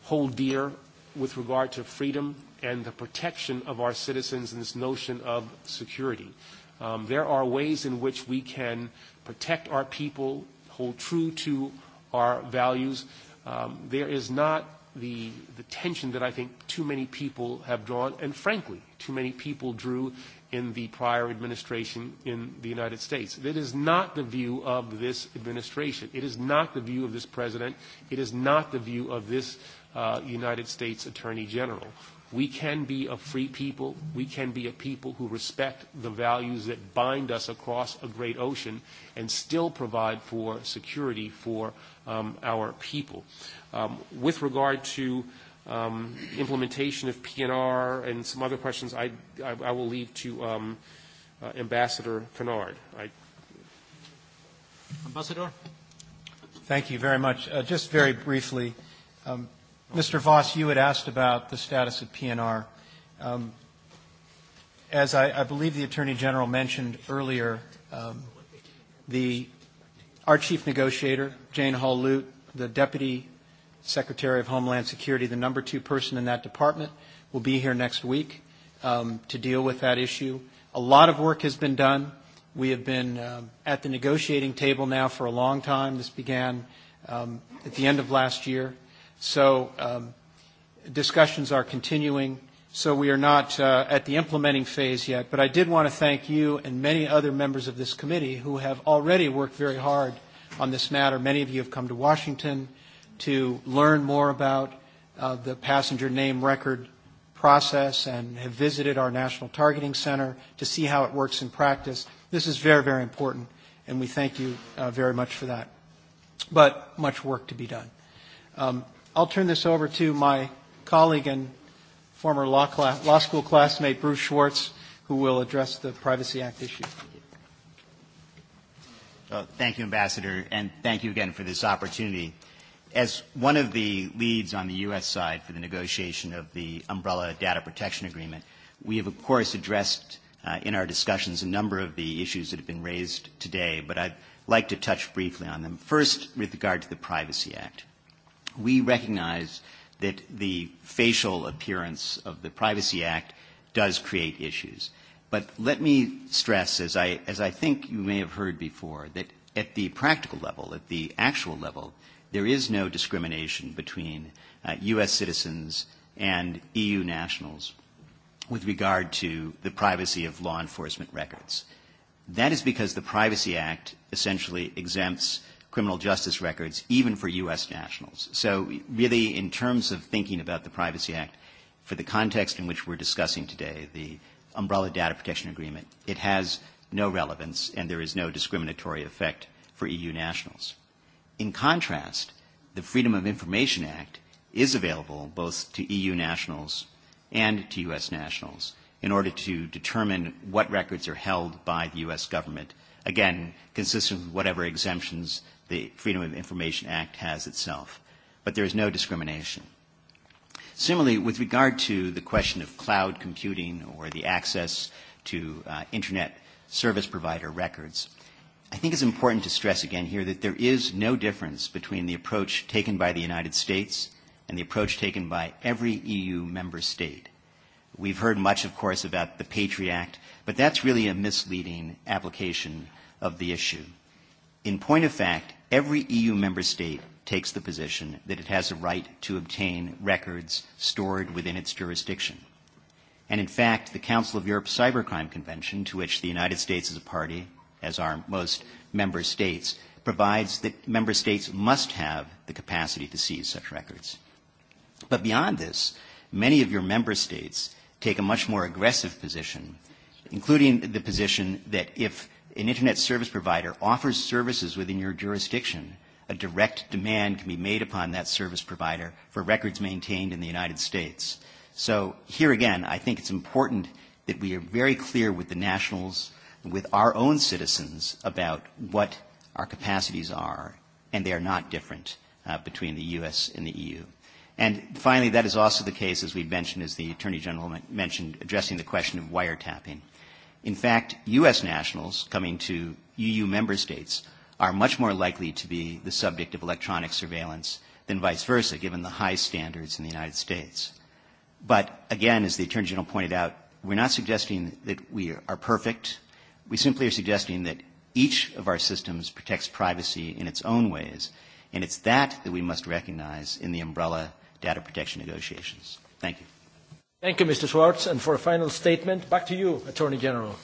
hold dear with regard to freedom and the protection of our citizens and this notion of security. Um, there are ways in which we can protect our people, hold true to our values. Um, there is not the, the tension that I think too many people have drawn, and frankly, too many people drew in the prior administration in the United States. That is not the view of this administration. It is not the view of this president. It is not the view of this uh, United States Attorney General. We can be a free people. We can be a people who respect the values that bind us across a great ocean and still provide for security for um, our people. Um, with regard to um, implementation of PNR and some other questions, I, I, I will leave to um, uh, Ambassador Kennard. I... Ambassador? Thank you very much. Uh, just very briefly, um, Mr. Voss, you had asked about the status of PNR. Um, as I, I believe the Attorney General mentioned earlier, um, the our chief negotiator, Jane Hall Lute, the Deputy Secretary of Homeland Security, the number two person in that department, will be here next week um, to deal with that issue. A lot of work has been done. We have been um, at the negotiating table now for a long time. This began um, at the end of last year. So um, discussions are continuing so we are not uh, at the implementing phase yet. But I did want to thank you and many other members of this committee who have already worked very hard on this matter. Many of you have come to Washington to learn more about uh, the passenger name record process and have visited our National Targeting Center to see how it works in practice. This is very, very important, and we thank you uh, very much for that. But much work to be done. Um, I'll turn this over to my colleague and former law, class, law school classmate Bruce Schwartz, who will address the Privacy Act issue. Well, uh, thank you, Ambassador, and thank you again for this opportunity. As one of the leads on the U.S. side for the negotiation of the Umbrella Data Protection Agreement, we have, of course, addressed uh, in our discussions a number of the issues that have been raised today, but I'd like to touch briefly on them. First, with regard to the Privacy Act. We recognize that the facial appearance of the Privacy Act does create issues. But let me stress, as I, as I think you may have heard before, that at the practical level, at the actual level, there is no discrimination between uh, U.S. citizens and EU nationals with regard to the privacy of law enforcement records. That is because the Privacy Act essentially exempts criminal justice records, even for U.S. nationals. So really, in terms of thinking about the Privacy Act, for the context in which we're discussing today, the umbrella data protection agreement, it has no relevance and there is no discriminatory effect for EU nationals. In contrast, the Freedom of Information Act is available both to EU nationals and to U.S. nationals in order to determine what records are held by the U.S. government, again, consistent with whatever exemptions the Freedom of Information Act has itself. But there is no discrimination. Similarly, with regard to the question of cloud computing or the access to uh, internet service provider records, I think it's important to stress again here that there is no difference between the approach taken by the United States and the approach taken by every EU member state. We've heard much, of course, about the Patriot Act, but that's really a misleading application of the issue. In point of fact, Every EU member state takes the position that it has a right to obtain records stored within its jurisdiction. And in fact, the Council of Europe Cybercrime Convention, to which the United States is a party, as are most member states, provides that member states must have the capacity to seize such records. But beyond this, many of your member states take a much more aggressive position, including the position that if an Internet service provider offers services within your jurisdiction, a direct demand can be made upon that service provider for records maintained in the United States. So here again, I think it's important that we are very clear with the nationals, with our own citizens about what our capacities are, and they are not different uh, between the U.S. and the EU. And finally, that is also the case, as we mentioned, as the Attorney General mentioned, addressing the question of wiretapping. In fact, U.S. nationals coming to EU member states are much more likely to be the subject of electronic surveillance than vice versa, given the high standards in the United States. But again, as the Attorney General pointed out, we're not suggesting that we are perfect. We simply are suggesting that each of our systems protects privacy in its own ways, and it's that that we must recognize in the umbrella data protection negotiations. Thank you. Thank you, Mr. Schwartz. And for a final statement, back to you, Attorney General.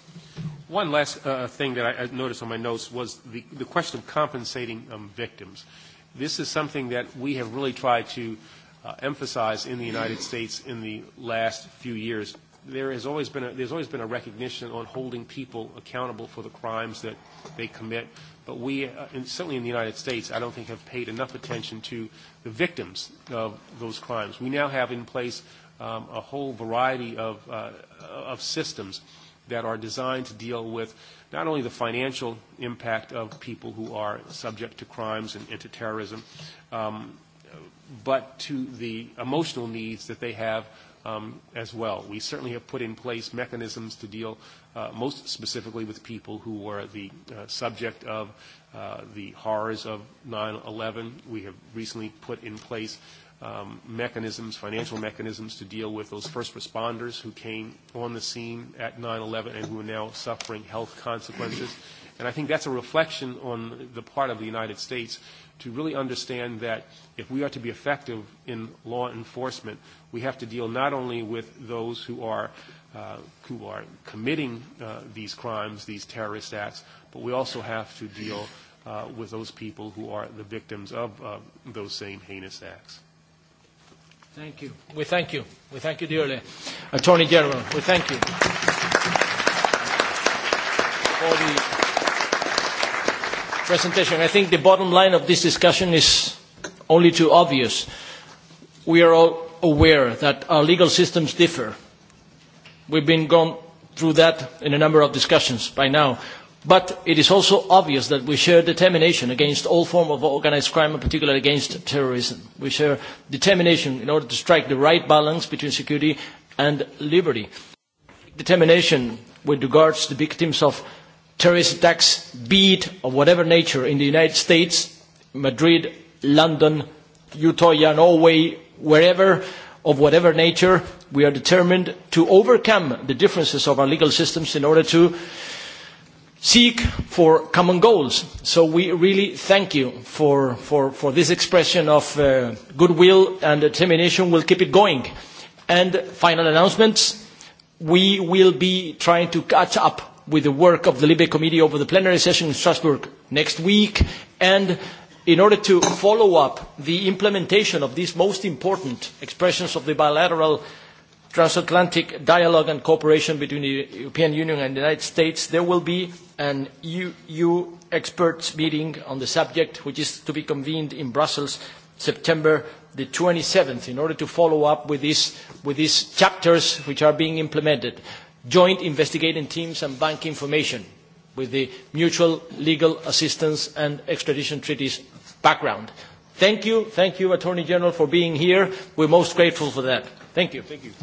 One last uh, thing that I, I noticed on my notes was the, the question of compensating um, victims. This is something that we have really tried to uh, emphasize in the United States in the last few years. There has always been a, there's always been a recognition on holding people accountable for the crimes that they commit, but we, uh, and certainly in the United States, I don't think have paid enough attention to the victims of those crimes. We now have in place um, a whole variety of, uh, of systems that are designed to deal with not only the financial impact of people who are subject to crimes and, and to terrorism, um, but to the emotional needs that they have um, as well. We certainly have put in place mechanisms to deal uh, most specifically with people who were the uh, subject of uh, the horrors of 9-11. We have recently put in place um, mechanisms, financial mechanisms to deal with those first responders who came on the scene at 9-11 and who are now suffering health consequences. And I think that's a reflection on the part of the United States to really understand that if we are to be effective in law enforcement, we have to deal not only with those who are uh, who are committing uh, these crimes, these terrorist acts, but we also have to deal uh, with those people who are the victims of uh, those same heinous acts. Thank you. We thank you. We thank you dearly. Attorney General, we thank you for the presentation. I think the bottom line of this discussion is only too obvious. We are all aware that our legal systems differ. We've been gone through that in a number of discussions by now But it is also obvious that we share determination against all form of organised crime, and particularly against terrorism. We share determination in order to strike the right balance between security and liberty. Determination with regards to victims of terrorist attacks, be it of whatever nature, in the United States, Madrid, London, Utoya, Norway, wherever, of whatever nature, we are determined to overcome the differences of our legal systems in order to seek for common goals. So we really thank you for, for, for this expression of uh, goodwill and determination. We'll keep it going. And final announcements, we will be trying to catch up with the work of the Libe Committee over the plenary session in Strasbourg next week. And in order to follow up the implementation of these most important expressions of the bilateral transatlantic dialogue and cooperation between the European Union and the United States, there will be an EU e experts meeting on the subject, which is to be convened in Brussels, September the 27th, in order to follow up with, this, with these chapters which are being implemented. Joint investigating teams and bank information with the mutual legal assistance and extradition treaties background. Thank you, thank you, Attorney General, for being here. We're most grateful for that. Thank you. Thank you.